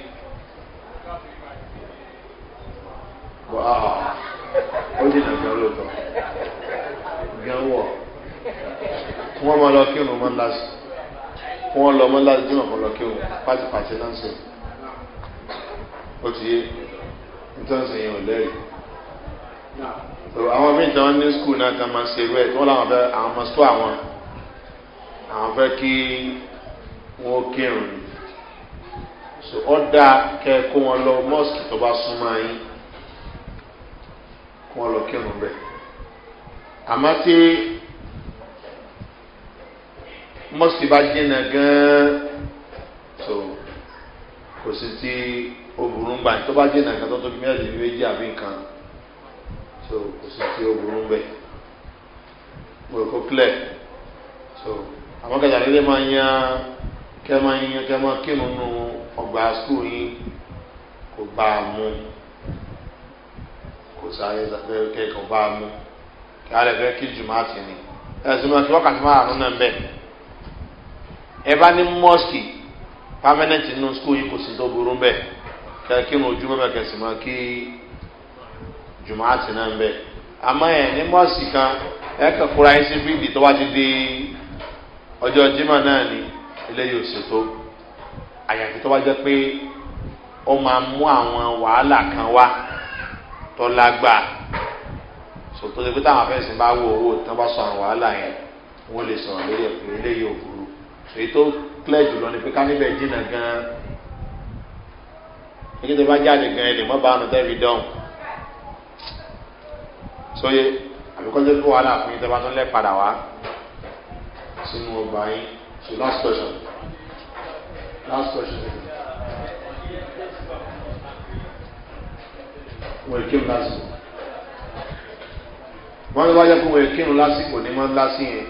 ó jìnà gan lóòótọ́ gan wọ̀ wọ́n máa lọ kírun mọ́ lásì wọ́n lọ mọ́ lásì jìnà kan lọ kírun pátipàti náà sọ̀rọ̀ ó ti yé nítorí yẹn ò lẹ́rìí àwọn míì tí wọ́n ní skul náà kan máa ṣe rẹ̀ tí wọ́n láwọn fẹ́ àwọn ọmọ skul àwọn àwọn fẹ́ kí wọ́n kírun so ọ́ dáa kẹ́ kó wọn lọ mọ́ọ̀sì tó bá súnmọ́ yín kó wọn lọ kírun bẹ́ẹ̀ àmọ́ tí mọ́ọ̀sì bá jìnnà gan-an so kò sí ti oburu ń gbà tó bá jẹ́ nǹkan tó tóbi mẹ́rin ní méjì àbí nǹkan so kò sí ti oburu ń mo kó clear so àwọn kẹta nílé máa ń yan kẹ máa ń yan kẹ máa kírun nu ọgbà skul yín kò bá a mú kò sáré kẹ kò bá a mú kí a lè fẹ́ kí jùmọ̀ àti ni ẹ̀sùn mọ̀ kí wákàtí máa rún náà bẹ̀ ẹ bá ní mọ́ọ̀sì pámẹ́nẹ́ǹtì nínú skul yìí kò sí tó burú bẹ́ẹ̀ kẹ́kínú ojúmọ́ bẹ́ẹ̀ kẹsì máa kí jùmọ́ àti náà ń bẹ̀. àmọ́ ẹ̀ ní mọ́ọ̀sì kan ẹ̀ kàn fúra ẹ̀ sí bíbí tó wá ti di ọjọ́ jimá náà ni eléyìí ò ṣètò àyàfi tó wá jẹ́ pé ó máa mú àwọn wàhálà kan wá tó lágbàá sòtò lè pé táwọn afẹ́sìn wo owó tí wọ́n bá sọ àwọn wàhálà yẹn wọ́n lè sọ̀rọ̀ lórí ẹ̀ pé eléyìí ò burú èyí tó kílẹ̀ jùlọ ni pé ká níbẹ̀ jìnnà gan-an nígbà tó bá jáde gan ẹlẹ mọ́ bá ọ̀nà tẹ́bi dán sóye àbíkọ́jọ́ tó wà láàfin yìí tẹ́bá tó lẹ́ padà wá sínú ọgbà yín so last question last question. wọ́n kírun lásìkò wọ́n ní wájú pé wọ́n kírun lásìkò ní wọ́n lásì yẹn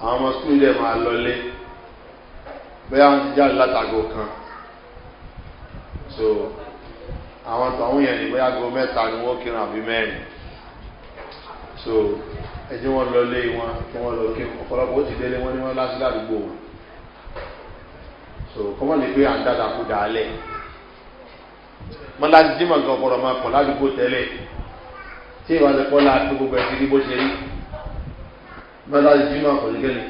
àwọn ọmọ sukùl dẹ̀ máa lọlé bẹ́ẹ̀ wọ́n ti jáde látago kan so àwọn tọ̀hún yẹn ní bóyá gbogbo mẹ́ta ni wọ́n kírun àbí mẹ́rin so ẹjẹ́ wọn lọ lé wọn kí wọ́n lọ kí ọ̀pọ̀lọpọ̀ ó ti délé wọn ní wọn lásìlá àdúgbò wọn so kọ́mọ̀ ní pé à ń dáadáa kú dáalẹ̀ mọ́lá ti dímọ̀ gan ọ̀pọ̀lọpọ̀ máa pọ̀ ládùúgbò tẹ́lẹ̀ tí ìwà ti pọ́ láti gbogbo ẹ̀ ti rí bó ṣe rí mọ́lá ti dímọ̀ pọ̀ nígbẹ́ni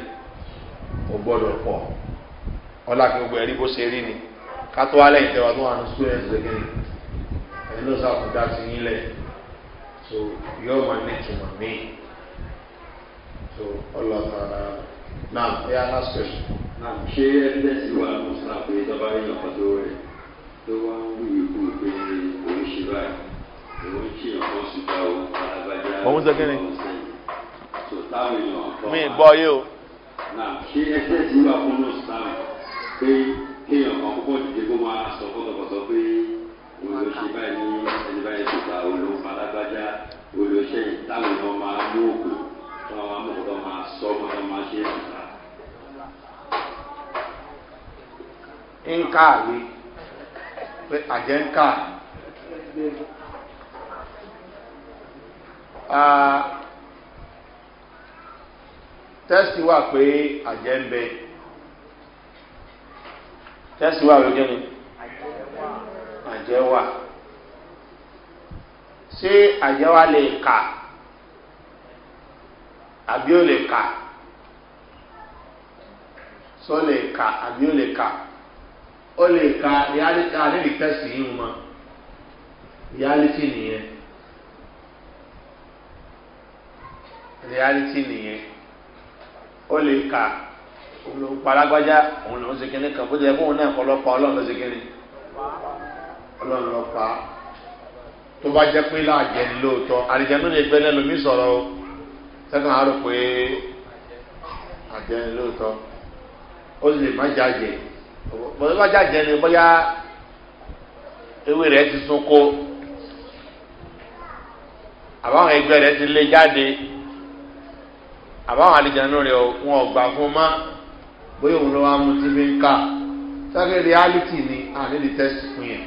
ò gbọ́dọ̀ pọ̀ ọlá gbogbo ẹ̀ rí bó kátó alẹ́ ìtẹ̀wà tó wà ní students lẹ́gẹ̀ ẹni ló sá fún dáàtì nílẹ̀ so yóò máa ní ìtumọ̀ mí so ọlọ́tara náà ẹ̀yà last question. náà ṣé evidence wà fún sáà pé ìjọba yẹn ọkọ tó rẹ tó wá ń wúwo ikú pé kò ń ṣe báyìí òun ṣe ọkọ síta o alábàjá òun ṣe kíni. so táwọn èèyàn kọ́ mi gbọ́ yé o. náà ṣé evidence wà fún nọ́ọ̀sì náà pé. kéèyàn kan púpọ̀ dìde kó máa sọ fọ́tọ̀fọ́tọ̀ pé olóṣè báyìí ẹni báyìí ti gba olóńpa lágbájá olóṣè táwọn èèyàn máa mú òkú táwọn máa sọ mọ́tọ́ máa ṣe é pé tẹ́sítì wà pé ń tẹ́sí wà ló gẹ́ni àjẹwà ṣé àjẹwà lè kà àbí ó lè kà sọ lè kà àbí ó lè kà ó lè kà àdébì tẹ́sí yìí mọ́ reality nìyẹn reality nìyẹn ó lè kà òun ló ń pa alágbájá òun ló ń sekele kan bó ti yẹ kóun náà kọ́ lọ́pàá ọlọ́run ló sekele ọlọ́run lọ́pàá tó bá jẹ́ pé láàjẹ ni lóòótọ́ àlìjẹ́nu lè gbẹ́lẹ́ lomi sọ̀rọ̀ o sẹ́kàn á rò pé àjẹ ni lóòótọ́ ó lè má jáde bọ́dọ̀ bá jáde ni bóyá ewé rẹ̀ ti sún kó àbáwọn ẹgbẹ́ rẹ̀ ti lé jáde àbáwọn àlìjẹ́nu rẹ̀ wọn ò gbà fún mọ́ bóyá òun lọ́wọ́ amútí fi ń ká sáré reality ni àní lè test fún yẹn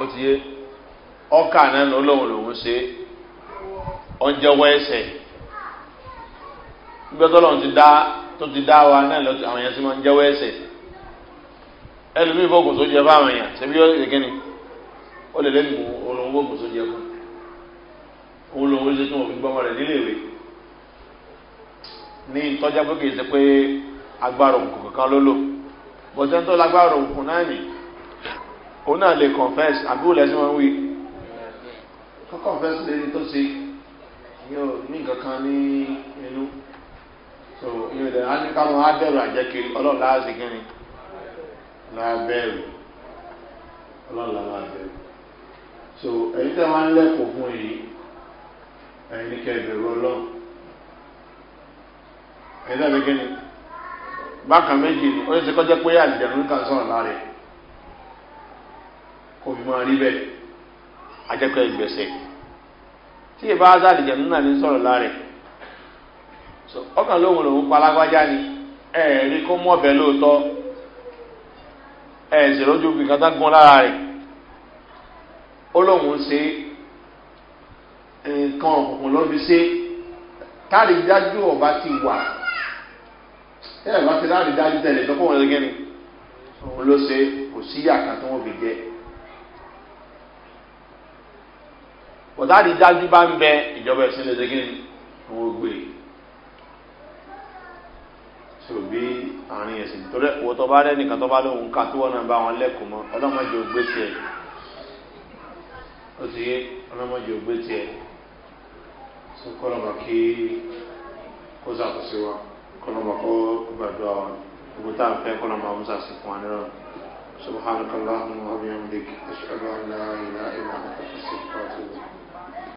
ó ti yé ọkà náà ló lóun lòun ṣe ọjọ́wọ́ ẹsẹ̀ gbẹ́tọ́ lọ́run ti dá tó ti dá wa náà lọ́tọ́ àwọn èèyàn ti máa ń jẹ́wọ́ ẹsẹ̀ ẹlòmíì fọ́ gòsó jẹ fáwọn èèyàn ṣe bí ó lè ó lè lẹ́nu òun lòun fọ́ gòsó jẹ fún òun lòun ṣe tí wọ́n gbọ́mọ rẹ̀ níléèwé. ní ìtọ́jà pé kìí ṣe pé agbára òkùnkùn kankan ló lò bọ́sẹ̀ tó lágbára òkùnkùn náà nì òun náà lè confess àbí òun lẹ́sìn wọn wí kó confess tó ṣe yóò ní nǹkan kan ní inú so yóò dẹ̀ á ká wọn á bẹ̀rù àjẹkiri ọlọ́run láàzì kínní so ẹ̀yin tẹ́ wọn á lẹ́kọ̀ọ́ fún èyí ẹ̀yin kẹ́ ẹ̀dá mi kíni bákan méjì ni ó ṣe kọjá pé àjẹ̀rún kan sọ̀rọ̀ láre kò fi máa rí bẹ́ẹ̀ ajẹ́kọ̀ọ́ ìgbẹ̀sẹ̀ tí ìbá azá àjẹ̀rún náà ní sọ̀rọ̀ láre ọkàn lóhun lòun pa alágbájá ni ẹ̀ẹ̀rí kó mú ọ̀bẹ lóòótọ́ ẹ̀ẹ̀sẹ̀ lójú fi kátá gún lára rẹ̀ ó lóhun ṣe nǹkan ọ̀hún ló fi ṣe káàdì dájú ọba ti wà ẹ ẹ bá ti láti dájú tẹ̀lé tó kọ́ wọn lé gẹ́ni òun ló ṣe kò sí yàtọ̀ tó wọn fi jẹ. ọ̀dáàdì dájú bá ń bẹ ìjọba ẹ̀sìn lè ṣe gẹ́ni wọn gbé sòbí àárín ẹ̀sìn torí ẹ̀kọ́ tó bá rẹ́ nìkan tó bá lóun ká tó wọn náà bá wọn lẹ́kọ̀ọ́ mọ́ ọlọ́mọdé ògbé tiẹ̀ ó ti yé ọlọ́mọdé ògbé tiẹ̀ sókòlọ́mọ kí kó ṣàkóso wa. kọlọmọ kó gbàdúrà wọn gbogbo tá à ń fẹ́ kọlọmọ àwọn sàṣì fún wa nírọ̀ subhanakallahu wa bihamdik ashhadu an la ilaha illa anta astaghfiruka wa atubu